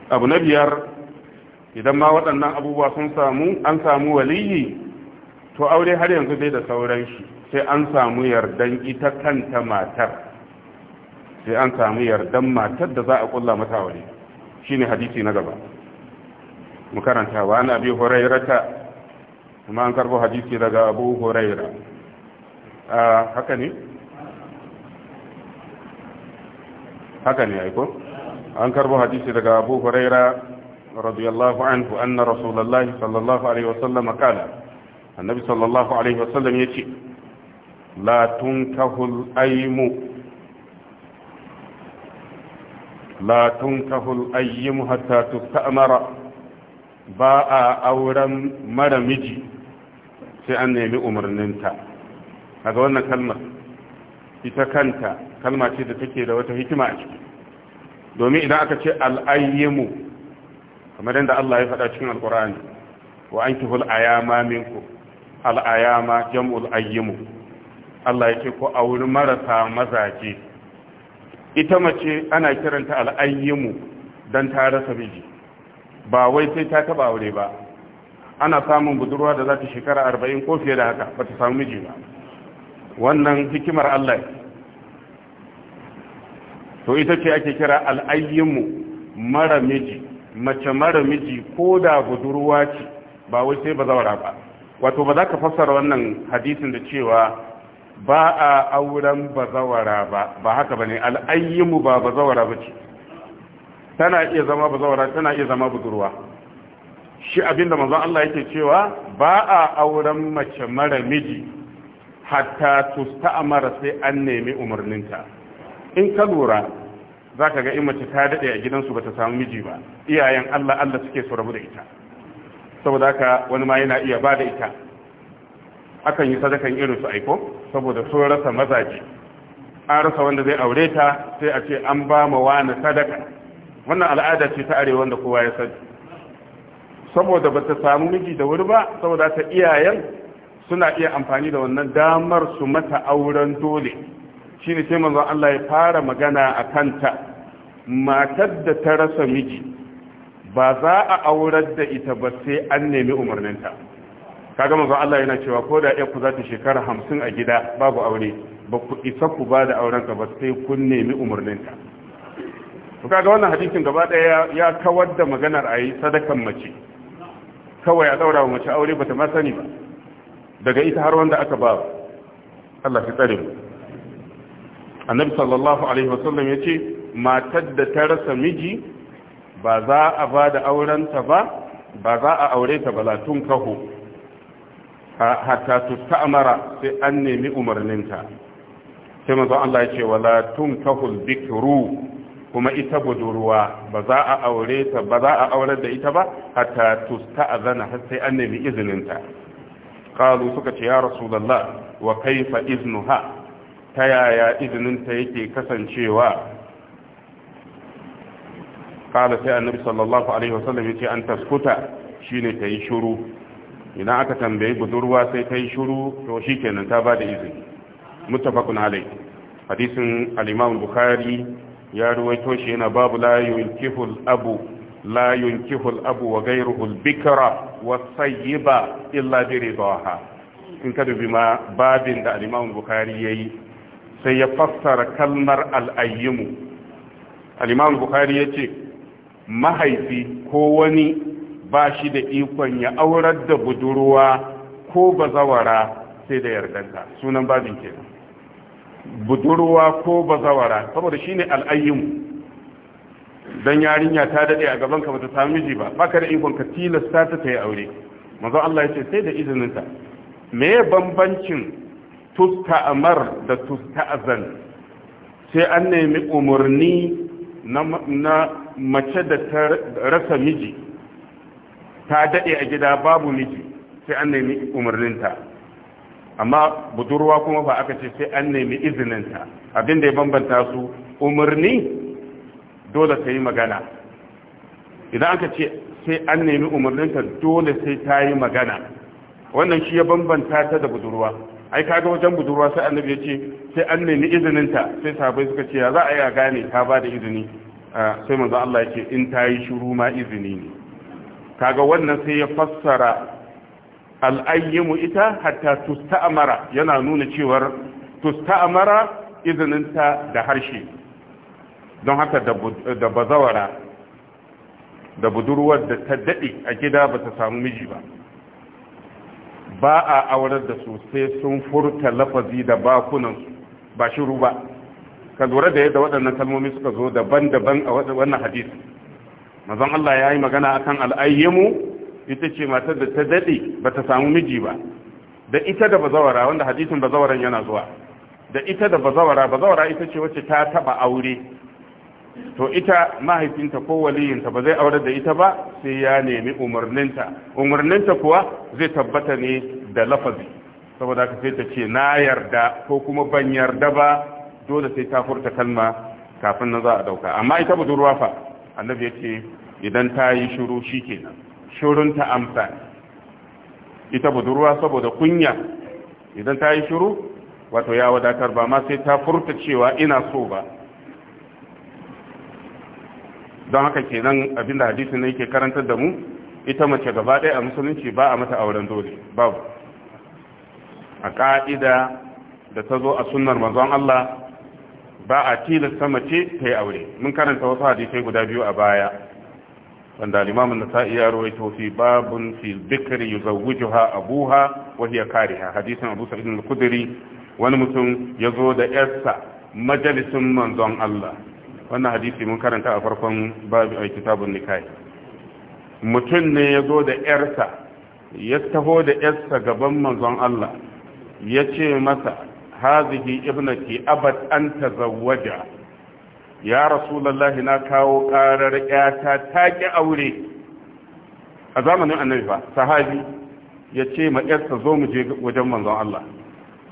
A: abu na biyar idan ma waɗannan abubuwa sun samu an samu waliyi to aure har yanzu zai da sauran shi sai an samu yardan ita kanta matar sai an samu yardan matar da za a kulla mata aure shine hadisi na gaba mu karanta wa hurairata kuma an karbo hadisi daga abu huraira haka ne haka ne aiko an karbo hadisi daga abu huraira radiyallahu anhu anna rasulullahi sallallahu alaihi wasallam kala annabi sallallahu alaihi wasallam yace la tunkahul aymu la tunkahul aymu hatta tustamara ba a auren mara miji sai an nemi umarninta daga wannan kalmar ita kanta kalma ce da take da wata hikima a ciki domin idan aka ce al'ayyimu kamar yadda Allah ya faɗa cikin alkur'ani wa an kihul ayama minku al'ayama jam'ul ayyimu Allah ya ce ko auri marasa mazaje ita mace ana kiranta al'ayyimu don ta rasa miji ba wai sai ta taɓa aure ba ana samun budurwa da za ta shekara arba'in ko fiye da haka ba ta samu miji ba wannan hikimar Allah to ita ce ake kira al'ayyinmu mara miji mace mara miji ko da budurwa ce ba wai sai ba zaura ba wato ba za ka fassara wannan hadisin da cewa ba a auren ba zaura ba ba haka ba ne al'ayyinmu ba ba zaura ba ce tana iya zama zaura tana iya zama budurwa shi abinda manzon Allah yake cewa ba a auren mace mara miji hatta mara sai an nemi umarninta in ka lura zaka ga in mace ta dade a gidansu bata samu miji ba iyayen Allah Allah suke su rabu da ita saboda haka wani ma yana iya bada ita akan yi sadakan irin su aiko saboda su rasa mazaje an rasa wanda zai aure ta sai a ce an ba ma wani sadaka wannan al'ada ce ta arewa wanda kowa ya sani saboda bata samu miji da wuri ba saboda ta iyayen suna iya amfani da wannan damar su mata auren dole ne sai manzon Allah ya fara magana a kanta matar da ta rasa miji ba za a aurar da ita ba sai an nemi umarninta kaga manzon Allah yana cewa ko da ku za ta shekara hamsin a gida babu aure ba ku isa ku ba da aurenka ba sai kun nemi umarninta to kaga wannan hadisin gaba daya ya kawar da maganar ayi sadakan mace kawai a daura wa mace aure bata ma sani ba daga ita har wanda aka ba Allah ya tsare mu annabi sallallahu alaihi wasallam yace matar da ta rasa miji ba za a ba da aurenta ba ba za a aure ta ba latun kaho hatta tusta'mara sai an nemi umarninta sai manzo Allah ya ce wala kahul bikru kuma ita budurwa ba za a aure ta ba za a aurar da ita ba hatta tusta'zana har sai an nemi izinin ta qalu suka ce ya rasulullah wa kaifa iznuha ta yaya izinin ta yake kasancewa kala sai annabi sallallahu alaihi wasallam yace an taskuta shine ta yi shiru idan aka tambayi budurwa sai ta yi shiru to shikenan ta da izini muttafaqun alai hadisin al-imam bukhari ya ruwaito shi yana babu la yunkihul abu la yunkihul abu wa ghayruhul bikra wa sayyiba illa bi ridaha in ka dubi ma babin da al Bukhari yayi sai ya fassara kalmar al-ayyimu al Bukhari yace mahaifi ko wani ba shi da ikon ya aurar da budurwa ko bazawara sai da yardanta sunan babin kenan budurwa ko bazawara saboda shine al'ayyun dan yarinya ta dade a gaban ka ta samu miji ba baka da ikon ka tilasta ta ta yi aure manzo Allah ya ce sai da izinin ta me bambancin tusta'mar da tusta'zan sai an nemi umurni na mace da ta rasa miji ta dade a gida babu miji sai an nemi umurninta amma budurwa kuma ba aka ce sai an nemi izininta abin da ya bambanta su umarni dole ta yi magana idan aka ce sai an nemi umarninta dole sai ta yi magana wannan shi ya bambanta ta da budurwa ai kaga wajen budurwa sai annabi ya ce sai an nemi izininta sai sabai suka ce ya za a yi a gane ta ba da izini sai manzo Allah ya ce in ta yi shiru ma izini ne kaga wannan sai ya fassara al'ayyimu ita hatta tusta'amara yana nuna cewar tusta'amara izininta da harshe don haka da bazawara da budurwar da ta daɗe a gida ba ta samu miji ba ba a aurar da su sun furta lafazi da bakunansu ba shiru ba ka lura da yadda waɗannan kalmomi suka zo daban-daban a wannan hadis. mazan Allah ya yi magana akan al'ayyimu ita ce matar da ta daɗe ba ta samu miji ba da ita da bazawara wanda hadisin bazawaran yana zuwa da ita da bazawara bazawara ita ce wacce ta taɓa aure to ita mahaifinta ko waliyinta ba zai aure da ita ba sai ya nemi umarninta umarninta kuwa zai tabbata ne da lafazi saboda ka sai ta ce na yarda ko kuma ban yarda ba dole sai ta furta kalma kafin na za a dauka amma ita budurwa fa annabi ya ce idan ta yi shiru shikenan ta amsa ita budurwa saboda kunya idan ta yi shuru wato ya wadatar ba ma sai ta furta cewa ina so ba don haka kenan abinda hadisin ne yake karantar da mu ita mace gaba ɗaya a musulunci ba a mata auren dole babu a ƙa'ida da ta zo a sunnar manzon Allah ba a tilasta mace ta yi aure mun karanta wasu hadisai guda biyu a baya wanda al-imam an-nasa'i ya rawaito fi babun fi dhikri yuzawwijuha abuha wa hiya kariha hadisin abu sa'id al-khudri wani mutum yazo da yarsa majalisin manzon Allah wannan hadisi mun karanta a farkon babu a kitabun nikahi mutum ne ya zo da yarsa ya taho da yarsa gaban manzon Allah ya ce masa hazihi ibnati abad an tazawwaja ya rasulullahi na kawo karar ƴata ta ƙi aure a zamanin annabi ba, sahabi ya ce ma ƴarsa zo mu je wajen manzon Allah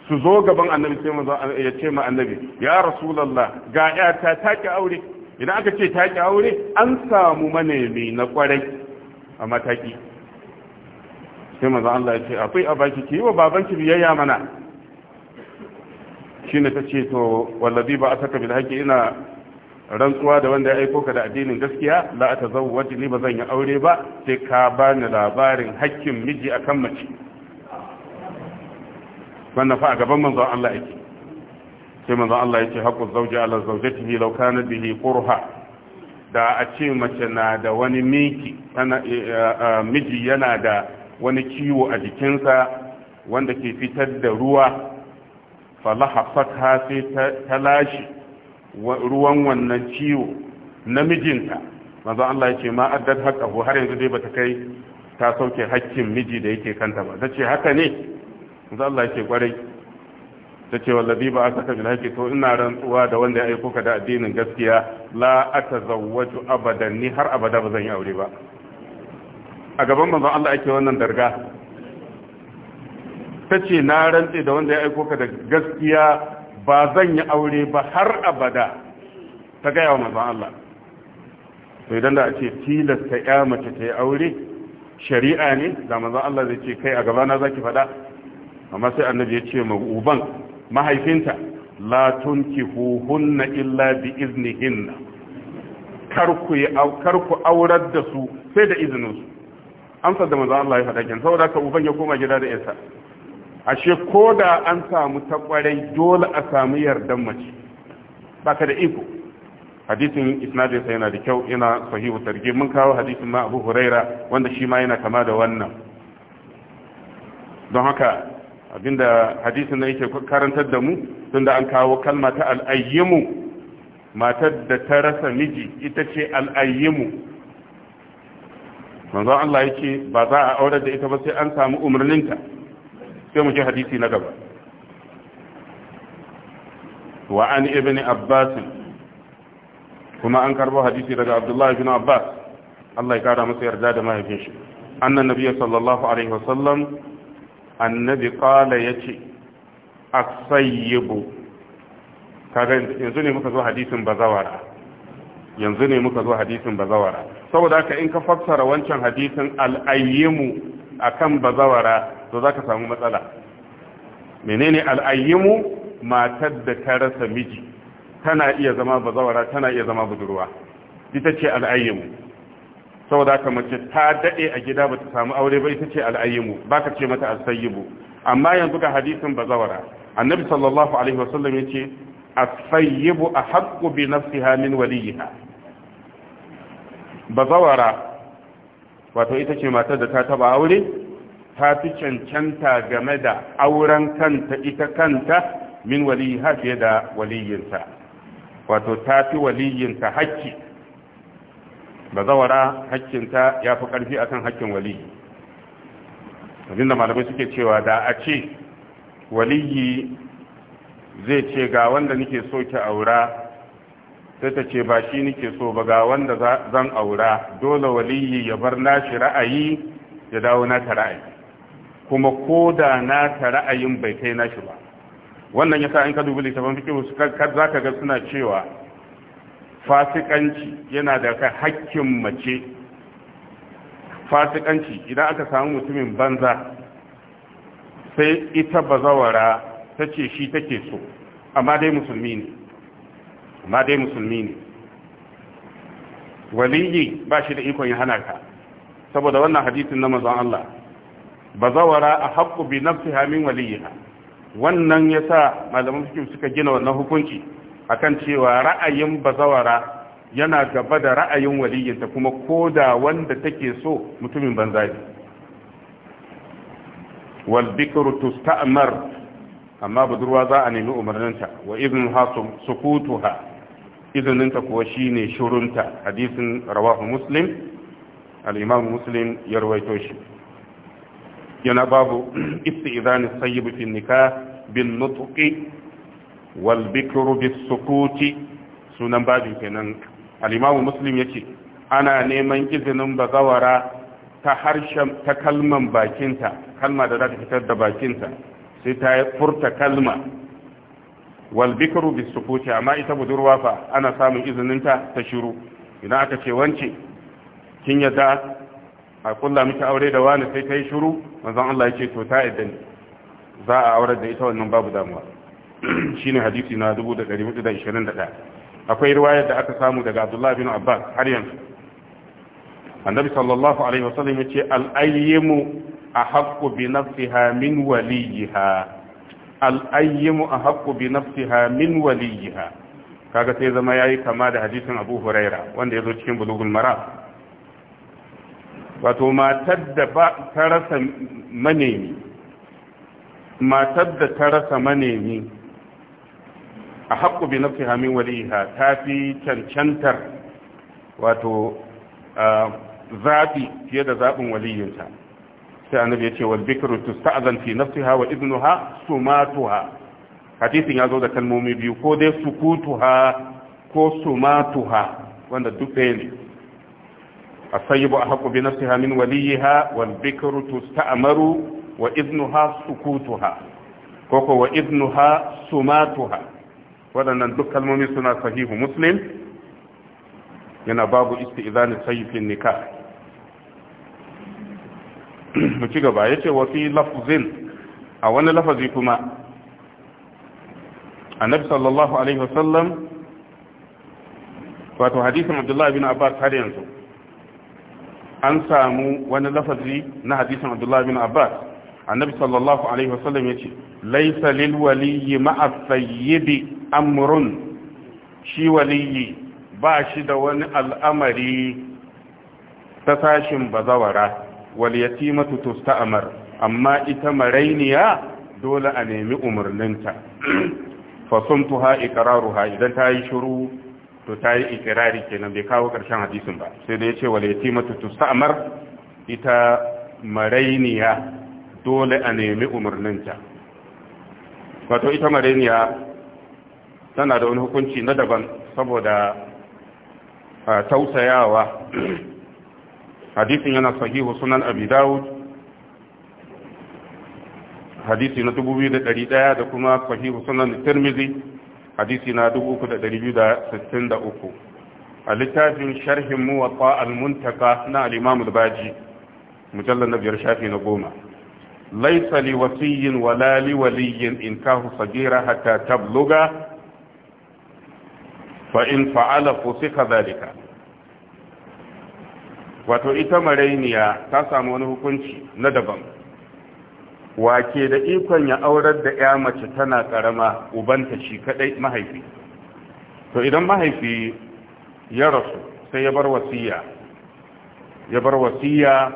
A: su zo gaban annabi sai manzon ya ce ma annabi ya rasulullah ga ƴata ta ƙi aure idan aka ce ta ƙi aure an samu manemi na kwarai a mataki sai manzon Allah ya ce akwai a baki ki wa babanki biyayya mana shine ta ce to wallazi ba a saka bil haƙi ina rantsuwa da wanda ya aiko ka da addinin gaskiya la a tazawwaji ni ba zan yi aure ba sai ka bani labarin hakkin miji akan mace wannan fa a gaban manzon Allah yake sai manzon Allah yake haqqu zawji ala zawjatihi law kana bihi qurha da a ce mace na da wani miki kana eh, eh, eh, miji yana da wani ciwo a jikinsa wanda ke fitar da ruwa falaha fatha sai ta lashi ruwan wannan ciwo namijinta manzo Allah ya ce ma addat ko har yanzu dai bata kai ta sauke haƙƙin miji da yake kanta ba ce haka ne manzo Allah ya ce kwarai tace wallazi ba asaka bil haqqi to ina rantsuwa da wanda ya aiko ka da addinin gaskiya la atazawwaju abadan ni har abada ba zan yi aure ba a gaban manzo Allah ake wannan darga tace na rantse da wanda ya aiko ka da gaskiya ba zan yi aure ba har abada ta gaya wa mazan Allah to idan da a ce tilasta ya mace ta yi aure shari'a ne da mazan Allah zai ce kai a gabana za ki faɗa amma sai annabi ya ce ma uban mahaifinta latun ki huhunna illa bi iznihinna kar ku aurar da su sai da izininsu amsar da mazan Allah ya faɗa kin saboda ka uban ya koma gida da yasa ashe ko da an samu takwarai dole a samu yardan mace baka da iko hadisin isnadin yana da kyau yana sahihu targe mun kawo hadisin ma Abu Huraira wanda shi ma yana kama da wannan don haka abinda hadisin da yake karantar da mu tunda an kawo kalma ta al'ayyimu matar da ta rasa miji ita ce al'ayyimu manzo Allah yake ba za a aure da ita ba sai an samu umarninta sai mu ji hadisi na gaba wa an ibn abbas kuma an karbo hadisi daga abdullahi ibn abbas Allah ya kara masa yarda da mahaifin shi annan nabiyyi sallallahu alaihi wasallam annabi qala yace as-sayyibu kaga yanzu ne muka zo hadisin bazawara yanzu ne muka zo hadisin bazawara saboda haka in ka fassara wancan hadisin al-ayyimu a kan bazawara to za ka samu matsala menene al'ayyimu matar da ta rasa miji tana iya zama bazawara tana iya zama budurwa ita ce al'ayyimu saboda haka mace ta daɗe a gida ba ta samu aure ba ita ce al'ayyimu ka ce mata al-sayyibu amma yanzu ga hadisin bazawara annabi sallallahu alaihi wasallam yace as-sayyibu ahaqqu bi nafsiha min waliha bazawara wato ita ce matar da ta taba aure ta fi cancanta game da auren kanta ita kanta min waliha fiye da waliyinta wato ta fi waliyinta hakki zawara hakkinta ya fi ƙarfi akan hakkin waliyi abinda malamai suke cewa da a ce waliyi zai ce ga wanda nake so ki aura sai ta ce ba shi nake so ba ga wanda zan aura dole waliyi ya bar nashi ra'ayi ya dawo nata ra'ayi kuma ko da nata ra'ayin bai kai nashi ba wannan ya sa in ka dubi littafin fiqh su za ka ga suna cewa fasikanci yana da ka hakkin mace fasikanci idan aka samu mutumin banza sai ita bazawara ta ce shi take so amma dai musulmi ne amma dai musulmi ne waliyi ba shi da ikon ya hana ka saboda wannan hadisin na mazan Allah ba zawara a haƙƙu bi nafsi hamin waliyiha wannan ya sa malaman suke suka gina wannan hukunci kan cewa ra'ayin bazawara yana gaba da ra'ayin waliyinta kuma ko da wanda take so mutumin banza ne wal bikru amma budurwa za a nemi umarninta wa ibn hasum sukutuha izininta kuwa shine shurunta hadisin rawahu muslim al muslim ya rawaito shi yana babu isti'zani sayyib fi nikah bin nutqi wal bikru bis sukuti sunan babin kenan al-imam ya yace ana neman izinin bazawara ta harshen ta kalman bakinta kalma da za ta fitar da bakinta sai ta furta kalma wal bikru bis sukuti amma ita budurwa fa ana samun izinin ta ta shiru idan aka ce wance kin yadda a kulla miki aure da wani sai ta yi shiru manzon Allah ya ce to ta yadda ne za a aurar da ita wannan babu damuwa shine hadisi na 1421 akwai riwayar da aka samu daga Abdullah bin Abbas har yanzu annabi sallallahu alaihi wasallam yace al ayyimu ahaqqu bi nafsiha min waliyiha al'ayyimu a haƙƙu bi nafsiha min waliyiha kaga sai zama ya yi kama da hadisin abu huraira wanda ya zo cikin bulugul mara wato matar da ta rasa manemi matar da ta rasa manemi a haƙƙu bi nafsiha min waliyiha ta fi cancantar wato ah, zaɓi fiye da zaɓin waliyinta sai annabi ya ce wal bikru tusta'zan fi nafsiha wa idnuha sumatuha hadisin ya zo da kalmomi biyu ko dai sukutuha ko sumatuha wanda duk ɗaya ne as a ahqqu bi nafsiha min waliha wal bikru tusta'maru wa idnuha sukutuha ko ko wa idnuha sumatuha waɗannan duk kalmomi suna sahihu muslim yana babu isti'zani sayyidin nikah mu ci gaba yace wa fi lafzin a wani lafazi kuma annabi sallallahu alaihi wasallam wato hadisin abdullahi bin abbas har yanzu an samu wani lafazi na hadisin abdullahi bin abbas annabi sallallahu alaihi wasallam yace laysa lil waliyyi ma'a sayyibi amrun shi waliyyi ba shi da wani al'amari ta sashin bazawara wal yatimatu tusta'mar amma ita marainiya dole a nemi umurninta fa sumtuha iqraruha idan ta yi shiru to ta yi ikirari kenan bai kawo ƙarshen hadisin ba sai da yace ce wale tusta'mar ita marainiya dole a nemi umarninta wato ita marainiya tana da wani hukunci na daban saboda tausayawa hadisin yana sahihu sunan abi dawud hadisi na 2100 da kuma sahihu sunan tirmizi hadisi na 3263 a littafin sharhin muwatta al-muntaka na al-imam al-baji mujallal na biyar shafi na goma ليس لوصي ولا لولي إنكاه صغيرة حتى Fa in fa'ala فسخ ذلك wato ita marainiya ta samu wani hukunci na daban wake da ikon ya aurar da ya mace tana karama ubanta shi kadai mahaifi to idan mahaifi ya rasu sai ya bar wasiya ya bar wasiya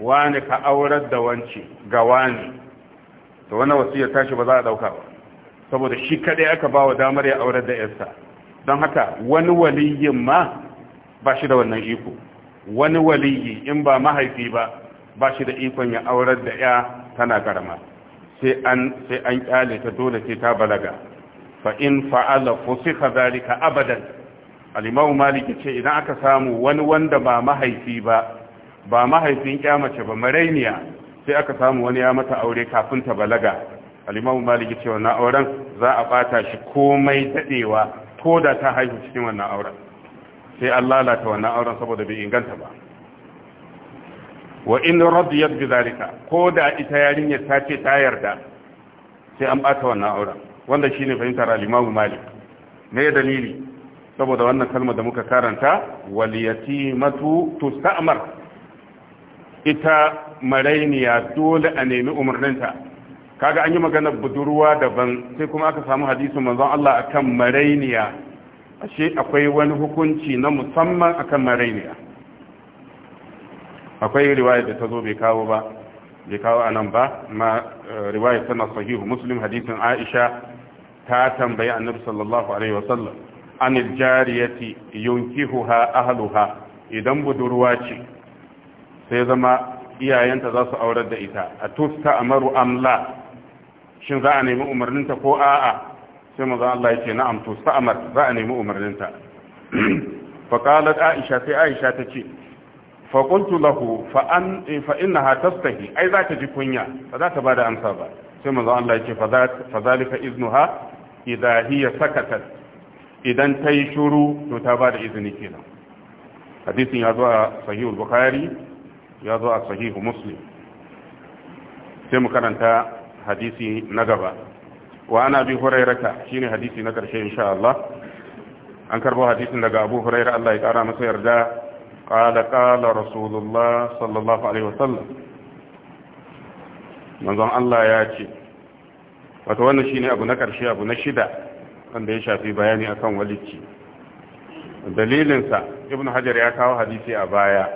A: wani ka aurar da wance ga wani to wasiya ta tashi ba za a dauka ba saboda shi kadai aka ba wa damar ya aurar da yarsa don haka wani waliyin ma ba shi da wannan iko wani waliyi in ba mahaifi ba ba shi da ikon ya aurar da ya tana karama sai an sai an kyale ta dole sai ta balaga fa in fa'ala fusikha zalika abadan al-imam malik ce idan aka samu wani wanda ba mahaifi ba ba mahaifin kyamace ba marainiya sai aka samu wani ya mata aure kafin ta balaga al-imam ce wannan auren za a bata shi komai dadewa ko da ta haihu cikin wannan auren sai an lalata wannan auren saboda bai inganta ba wa in radiyat bi zalika ko da ita yarinyar ta ce ta yarda sai an bata wannan auren wanda shine fahimtar al-Imam Malik dalili saboda wannan kalma da muka karanta wal yatimatu tusta'mar ita marainiya dole a nemi umarninta kaga an yi maganar budurwa daban sai kuma aka samu hadisin manzon Allah akan marainiya ashe akwai wani hukunci na musamman akan marainiya akwai riwaya da ta zo bai kawo ba bai kawo a nan ba ma eh, riwaya tana sahihu muslim hadisin aisha ta tambayi annabi sallallahu alaihi wasallam anil jariyati yunkihuha ahluha idan budurwa ce sai zama iyayenta za su aurar da ita a tusta amaru amla shin za a nemi umarninta ko a'a sai manzo Allah ya ce na'am to sa'amar za a nemi umarninta fa aisha sai aisha ta ce fa qultu lahu fa an tastahi ai za ta ji kunya ba za ta bada amsa ba sai manzo Allah ya ce fa zalika iznuha idha hiya idan ta yi shuru to ta bada izini kenan hadisin ya zo a bukhari ya zo a sahih muslim sai mu karanta hadisi na gaba wa ana bi hurairata shine hadisi na karshe insha Allah an karbo hadisin daga Abu huraira. Allah ya kara masa yarda qala qala rasulullah sallallahu alaihi wasallam manzon Allah ya ce wato wannan shine abu na karshe abu na shida wanda ya shafi bayani akan walici dalilinsa ibn hajar ya kawo hadisi a baya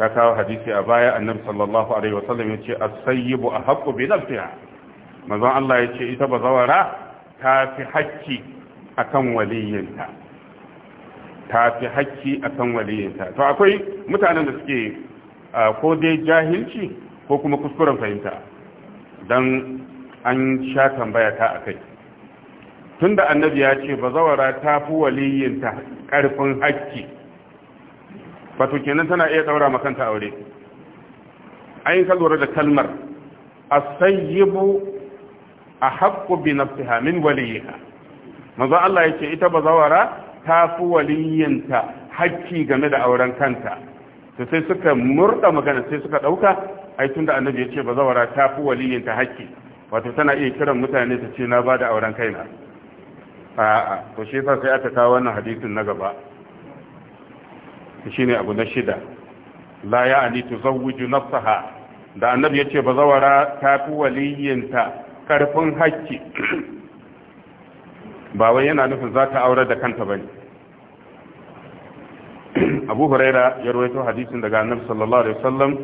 A: ya kawo hadisi a baya annabi sallallahu alaihi wasallam ya ce as-sayyibu ahaqqu bi nafsiha mazan Allah ya ce ita bazawara ta fi hakki kan waliyinta ta fi hakki kan waliyyanta. to akwai mutanen da suke ko dai jahilci ko kuma kuskuren fahimta don an sha tambaya ta Tun da annabi ya ce bazawara ta fi waliyyinta karfin hakki to kenan tana iya ɗaura makanta aure ayin ka lura da kalmar a asayyibu a haƙƙo bi nafsiha min waliyiha manzo Allah yake ita bazawara ta fi waliyanta hakki game da auren kanta to sai suka murda magana sai suka dauka ai tunda annabi ce bazawara ta fi waliyanta hakki wato tana iya kiran mutane ta ce na bada auren kaina a'a to shi fa sai aka kawo wannan hadisin na gaba shine abu na shida la ya'ni tuzawwiju nafsaha da annabi ce bazawara ta fi waliyanta. karfin hakki ba wai yana nufin za ta aure da kanta ba ne abu huraira ya rawaito hadisin daga annabi sallallahu alaihi wasallam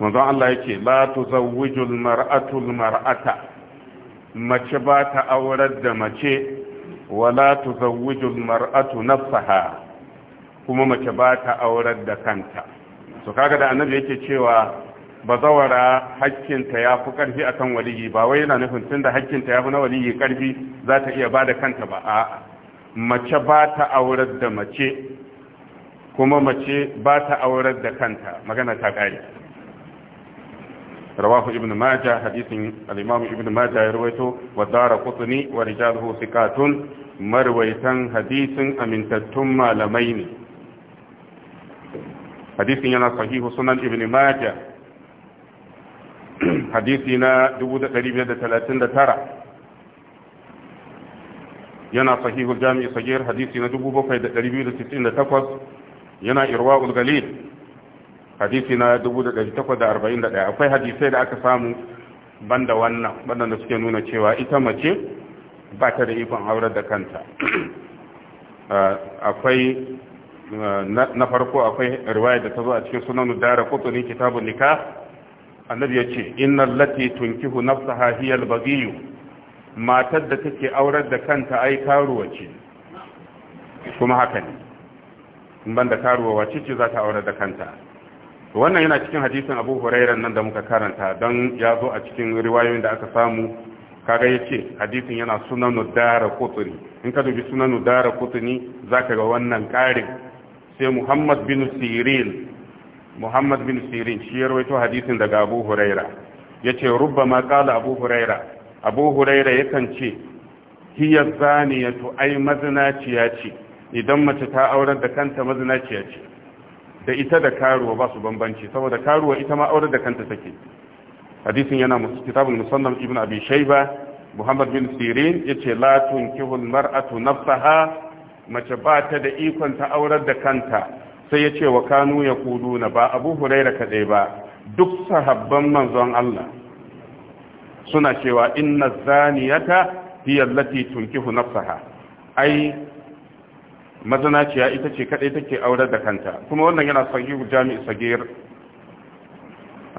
A: manzon Allah yake la tuzawwijul mar'atul mar'ata mace ba ta aurar da mace wala tuzawwijul mar'atu nafsaha kuma mace ba ta aurar da kanta to kaga da annabi yake cewa Ba zawara hakkinta ya fi ƙarfi a kan waliyi ba wai yana nufin tun da hakkinta ya fi na waliyi ƙarfi za ta iya ba da kanta ba a mace ba ta aurar da mace kuma mace ba ta aurar da kanta magana ta ƙari rawahu ibn majah hadisin al-imam ibn majah ya rawaito wa dara qutni wa rijaluhu thiqatun marwaitan hadisin amintattun malamai ne hadisin yana sahihu sunan ibn majah hadisi na 1539 yana sahihul jami'i sagir hadisi na 7298 yana irwa'ul galil hadisi na 1841 akwai hadisai da aka samu banda wannan waɗanda suke nuna cewa ita mace ba ta da ikon aurar da kanta akwai na farko akwai riwaya da ta zo a cikin sunan dara kutuni kitabun nikah annabi ya ce innal lati tunkihu nafsaha hiya albaghiy matar da take aurar da kanta ai karuwa ce kuma haka ne in banda karuwa wace ce za ta aurar da kanta wannan yana cikin hadisin Abu Hurairah nan da muka karanta dan ya zo a cikin riwayoyin da aka samu kaga yace hadisin yana sunan dara qutni in ka dubi sunan nudara qutni zaka ga wannan karin sai Muhammad bin Sirin muhammad bin sirin shi ya rawaito hadisin daga abu huraira ya ce rubba ma kala abu huraira abu huraira yakan ce hiya zaniyatu ai mazinaciya ce idan mace ta aurar da kanta mazinaciya ce da ita da karuwa ba su bambanci saboda karuwa ita ma aurar da kanta take hadisin yana kitabul musannam ibn abi shayba muhammad bin sirin yace la tunkihu al mar'atu nafsaha mace ba ta da ikon ta aurar da kanta sai ya ce wa kanu ya na ba abu huraira kaɗai ba duk sahabban manzon Allah suna cewa inna zaniyata hiya allati tunkihu nafsaha ai mazanaciya ita ce kaɗai take aurar da kanta kuma wannan yana sahihu jami'i sagir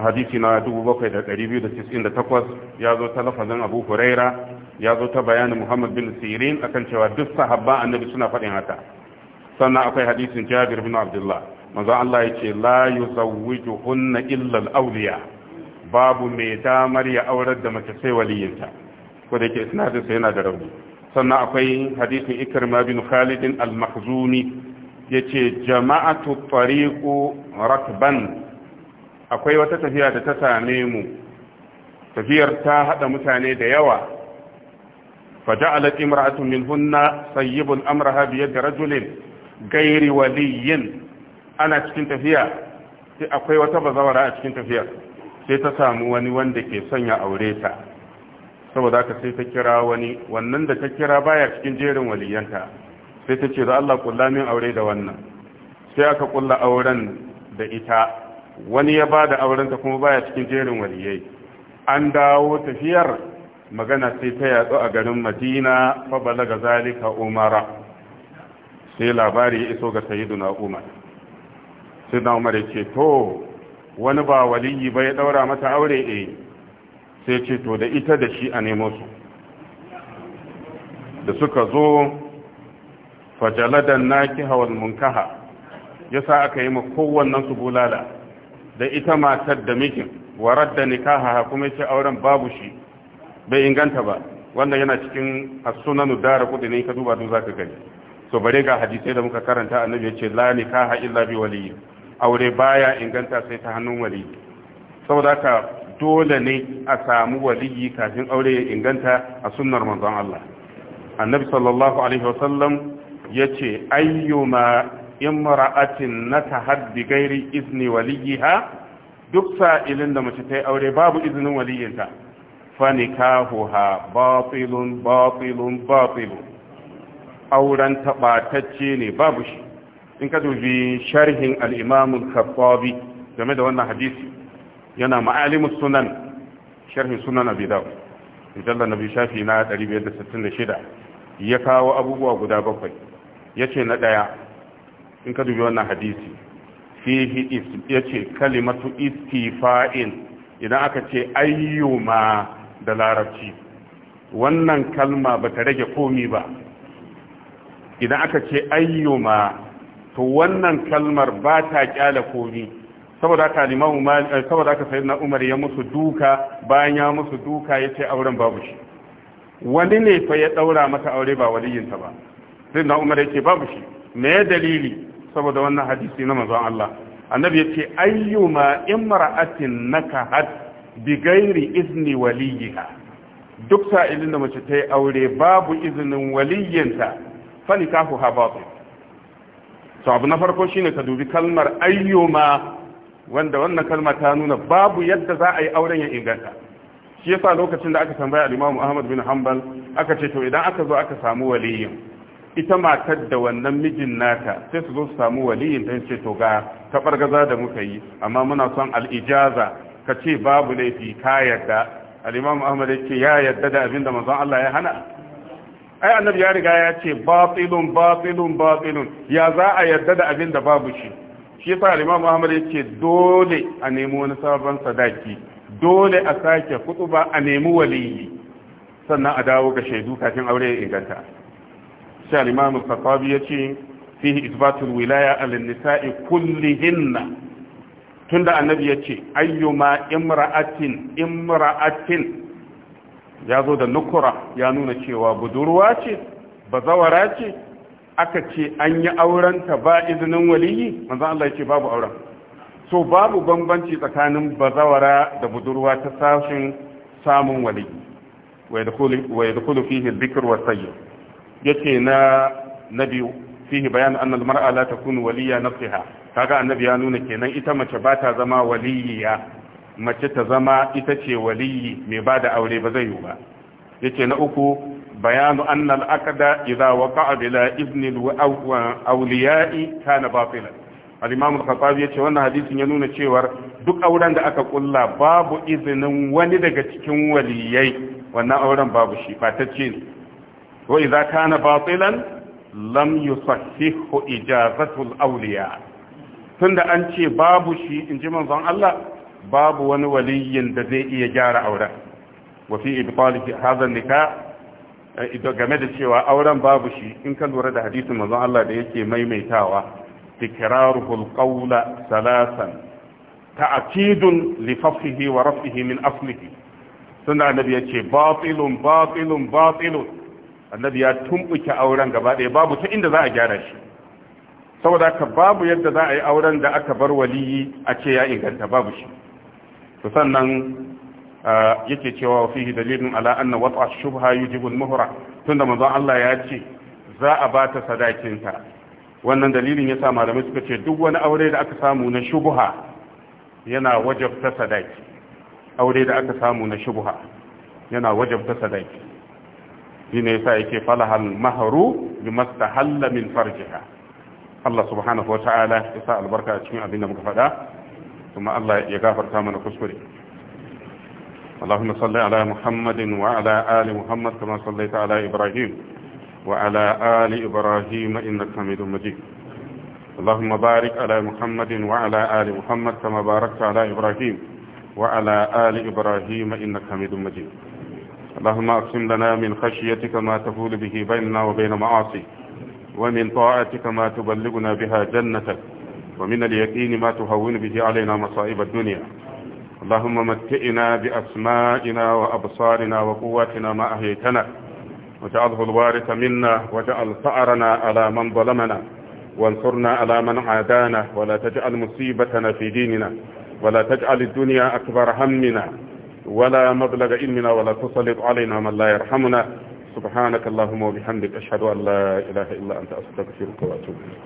A: hadisi na 7298 ya zo ta lafazin abu huraira ya zo ta bayanin muhammad bin sirin akan cewa duk sahabban annabi suna faɗin haka sannan akwai hadisin jabir bin abdullah manzo Allah yace la yuzawwijuhunna illa al-awliya babu mai damar ya aurar da mace sai waliyinta ko da yake isnadin sa yana da rauni sannan akwai hadisin ikrima bin khalid al-makhzumi yace jama'atu tariqu rakban akwai wata tafiya da ta same mu tafiyar ta hada mutane da yawa faja'alat imra'atun minhunna sayyibun amraha bi yadi gairi waliyin ana cikin tafiya sai akwai wata bazawara a cikin tafiyar sai ta samu wani wanda ke sanya aure ta saboda ka sai ta kira wani wannan da ta kira baya cikin jerin waliyanta sai ta ce da Allah kulla min aure da wannan sai aka kulla auren da ita wani ya bada auren ta kuma baya cikin jerin waliyai an dawo tafiyar magana sai ta yatsu a garin Madina fa balaga zalika umara sai labari ya iso ga sayyiduna umar sayyiduna umar ya ce to wani ba waliyi ba ya daura mata aure eh sai ce to da ita da shi a nemo su da suka zo fajaladan naki hawan munkaha ya sa aka yi ma kowannen su bulala da ita matar da mikin warar da nikaha kuma ce auren babu shi bai inganta ba wannan yana cikin as-sunanu dara kudi ne ka duba duk ka gani to bare ga hadisai da muka karanta annabi ya ce la nikaha illa bi wali aure baya inganta sai ta hannun wali saboda ka dole ne a samu waliyi kafin aure ya inganta a sunnar manzon Allah annabi sallallahu alaihi wasallam ya ce ayyuma imra'atin natahaddi gairi ghairi izni waliha duk sa'ilin da mace ta yi aure babu izinin waliyinta fa nikahuha batilun batilun batilun auren taɓatacce ne babu shi in ka dubi sharhin al'imamun kafabi game da wannan hadisi yana ma'alimun sunan sharhin sunan abidaw mujallar na shafi na 566 ya kawo abubuwa guda bakwai ya ce na ɗaya in ka dubi wannan hadisi fihi ya ce kalimatu istifa'in idan aka ce ayyuma da larabci wannan kalma ba ta rage komi ba idan aka ce ayyuma to wannan kalmar ba ta kyala komi saboda aka limamu eh, saboda sayyidina umar ya musu duka bayan ya musu duka ya ce auren babu shi wani ne fa ya daura mata aure ba waliyinta ba na umar ya ce babu shi me dalili saboda wannan hadisi na manzon Allah annabi ya ce ayyuma imra'atin nakahat bi ghairi izni waliyha duk sa'ilin da mace ta yi aure babu izinin waliyinta fa nikahu habatin to abu na farko shine ka dubi kalmar ayyuma wanda wannan kalmar ta nuna babu yadda za a yi auren ya inganta shi yasa lokacin da aka tambaya al-Imam Ahmad bin Hanbal aka ce to idan aka zo aka samu waliyin ita matar da wannan mijin naka sai su zo su samu waliyin ta ce to ga ta gaza da muka yi amma muna son al'ijaza ijaza ka ce babu laifi ka yarda al-Imam Ahmad yake ya yarda da abinda manzon Allah ya hana ai annabi ya riga ya ce batilun batilun batilun ya za a yarda da abin da babu shi shi yasa Imam Ahmad yace dole a nemi wani sabon sadaki dole a sake kutuba a nemi waliyi sannan a dawo ga shaidu kafin aure ya inganta shi al-Imam al ce fihi isbatul wilaya al-nisa'i kullihinna tunda annabi yace ayyuma imra'atin imra'atin ya zo da nukura ya nuna cewa budurwa ce bazawara ce aka ce an yi aurenta ba izinin waliyi manzo Allah ya ce babu auren so babu bambanci tsakanin bazawara da budurwa ta sashin samun waliyi wa yadkhulu fihi al-dhikr wa sayyid yace na nabiyu fihi bayan an al-mar'a la takunu waliya nafsiha kaga annabi ya nuna kenan ita mace ba ta zama waliya mace ta zama ita ce waliyi mai ba da aure ba zai yi ba yace na uku bayanu anna al-aqda idha waqa'a bila izni al-awliya'i kana batilan al-imam al-khattabi yace wannan hadisin ya nuna cewa duk auren da aka kulla babu izinin wani daga cikin waliyai wannan auren babu shi fatacce ne wa idza kana batilan lam yusahhihu ijazatu awliya tunda an ce babu shi inji manzon Allah babu wani waliyin da zai iya gyara auren wa fi ibtal hadha nikah eh, game da cewa auren babu shi in ka lura da hadisin manzon Allah da yake maimaitawa tikraruhu alqawla salasan ta'kidun li fafihi wa rafihi min aslihi sunna annabi yace batilun batilun batilun annabi ya tumbuke auren gabaɗaya ɗaya babu ta inda za a gyara shi saboda ka babu yadda za a yi auren da aka bar waliyi a ce ya inganta babu shi to sannan yake cewa fihi dalilin ala anna wata shubha yujibu al-muhra tunda manzon Allah ya ce za a ba ta sadakin ta wannan dalilin yasa malamai suka ce duk wani aure da aka samu na shubha yana wajabta sadaki aure da aka samu na shubha yana wajabta sadaki shine yasa yake falahal mahru bimastahalla min farjiha Allah subhanahu wa ta'ala ya sa albarka cikin abin da muka faɗa kuma Allah ya gafarta mana kuskure اللهم صل على محمد وعلى آل محمد كما صليت على إبراهيم وعلى آل إبراهيم إنك حميد مجيد اللهم بارك على محمد وعلى آل محمد كما باركت على إبراهيم وعلى آل إبراهيم إنك حميد مجيد اللهم أقسم لنا من خشيتك ما تفول به بيننا وبين معاصيك ومن طاعتك ما تبلغنا بها جنتك ومن اليقين ما تهون به علينا مصائب الدنيا اللهم متئنا بأسمائنا وأبصارنا وقواتنا ما أهيتنا وجعله الوارث منا وجعل ثأرنا على من ظلمنا وانصرنا على من عادانا ولا تجعل مصيبتنا في ديننا ولا تجعل الدنيا أكبر همنا ولا مبلغ علمنا ولا تسلط علينا من لا يرحمنا سبحانك اللهم وبحمدك أشهد أن لا إله إلا أنت أستغفرك وأتوب إليك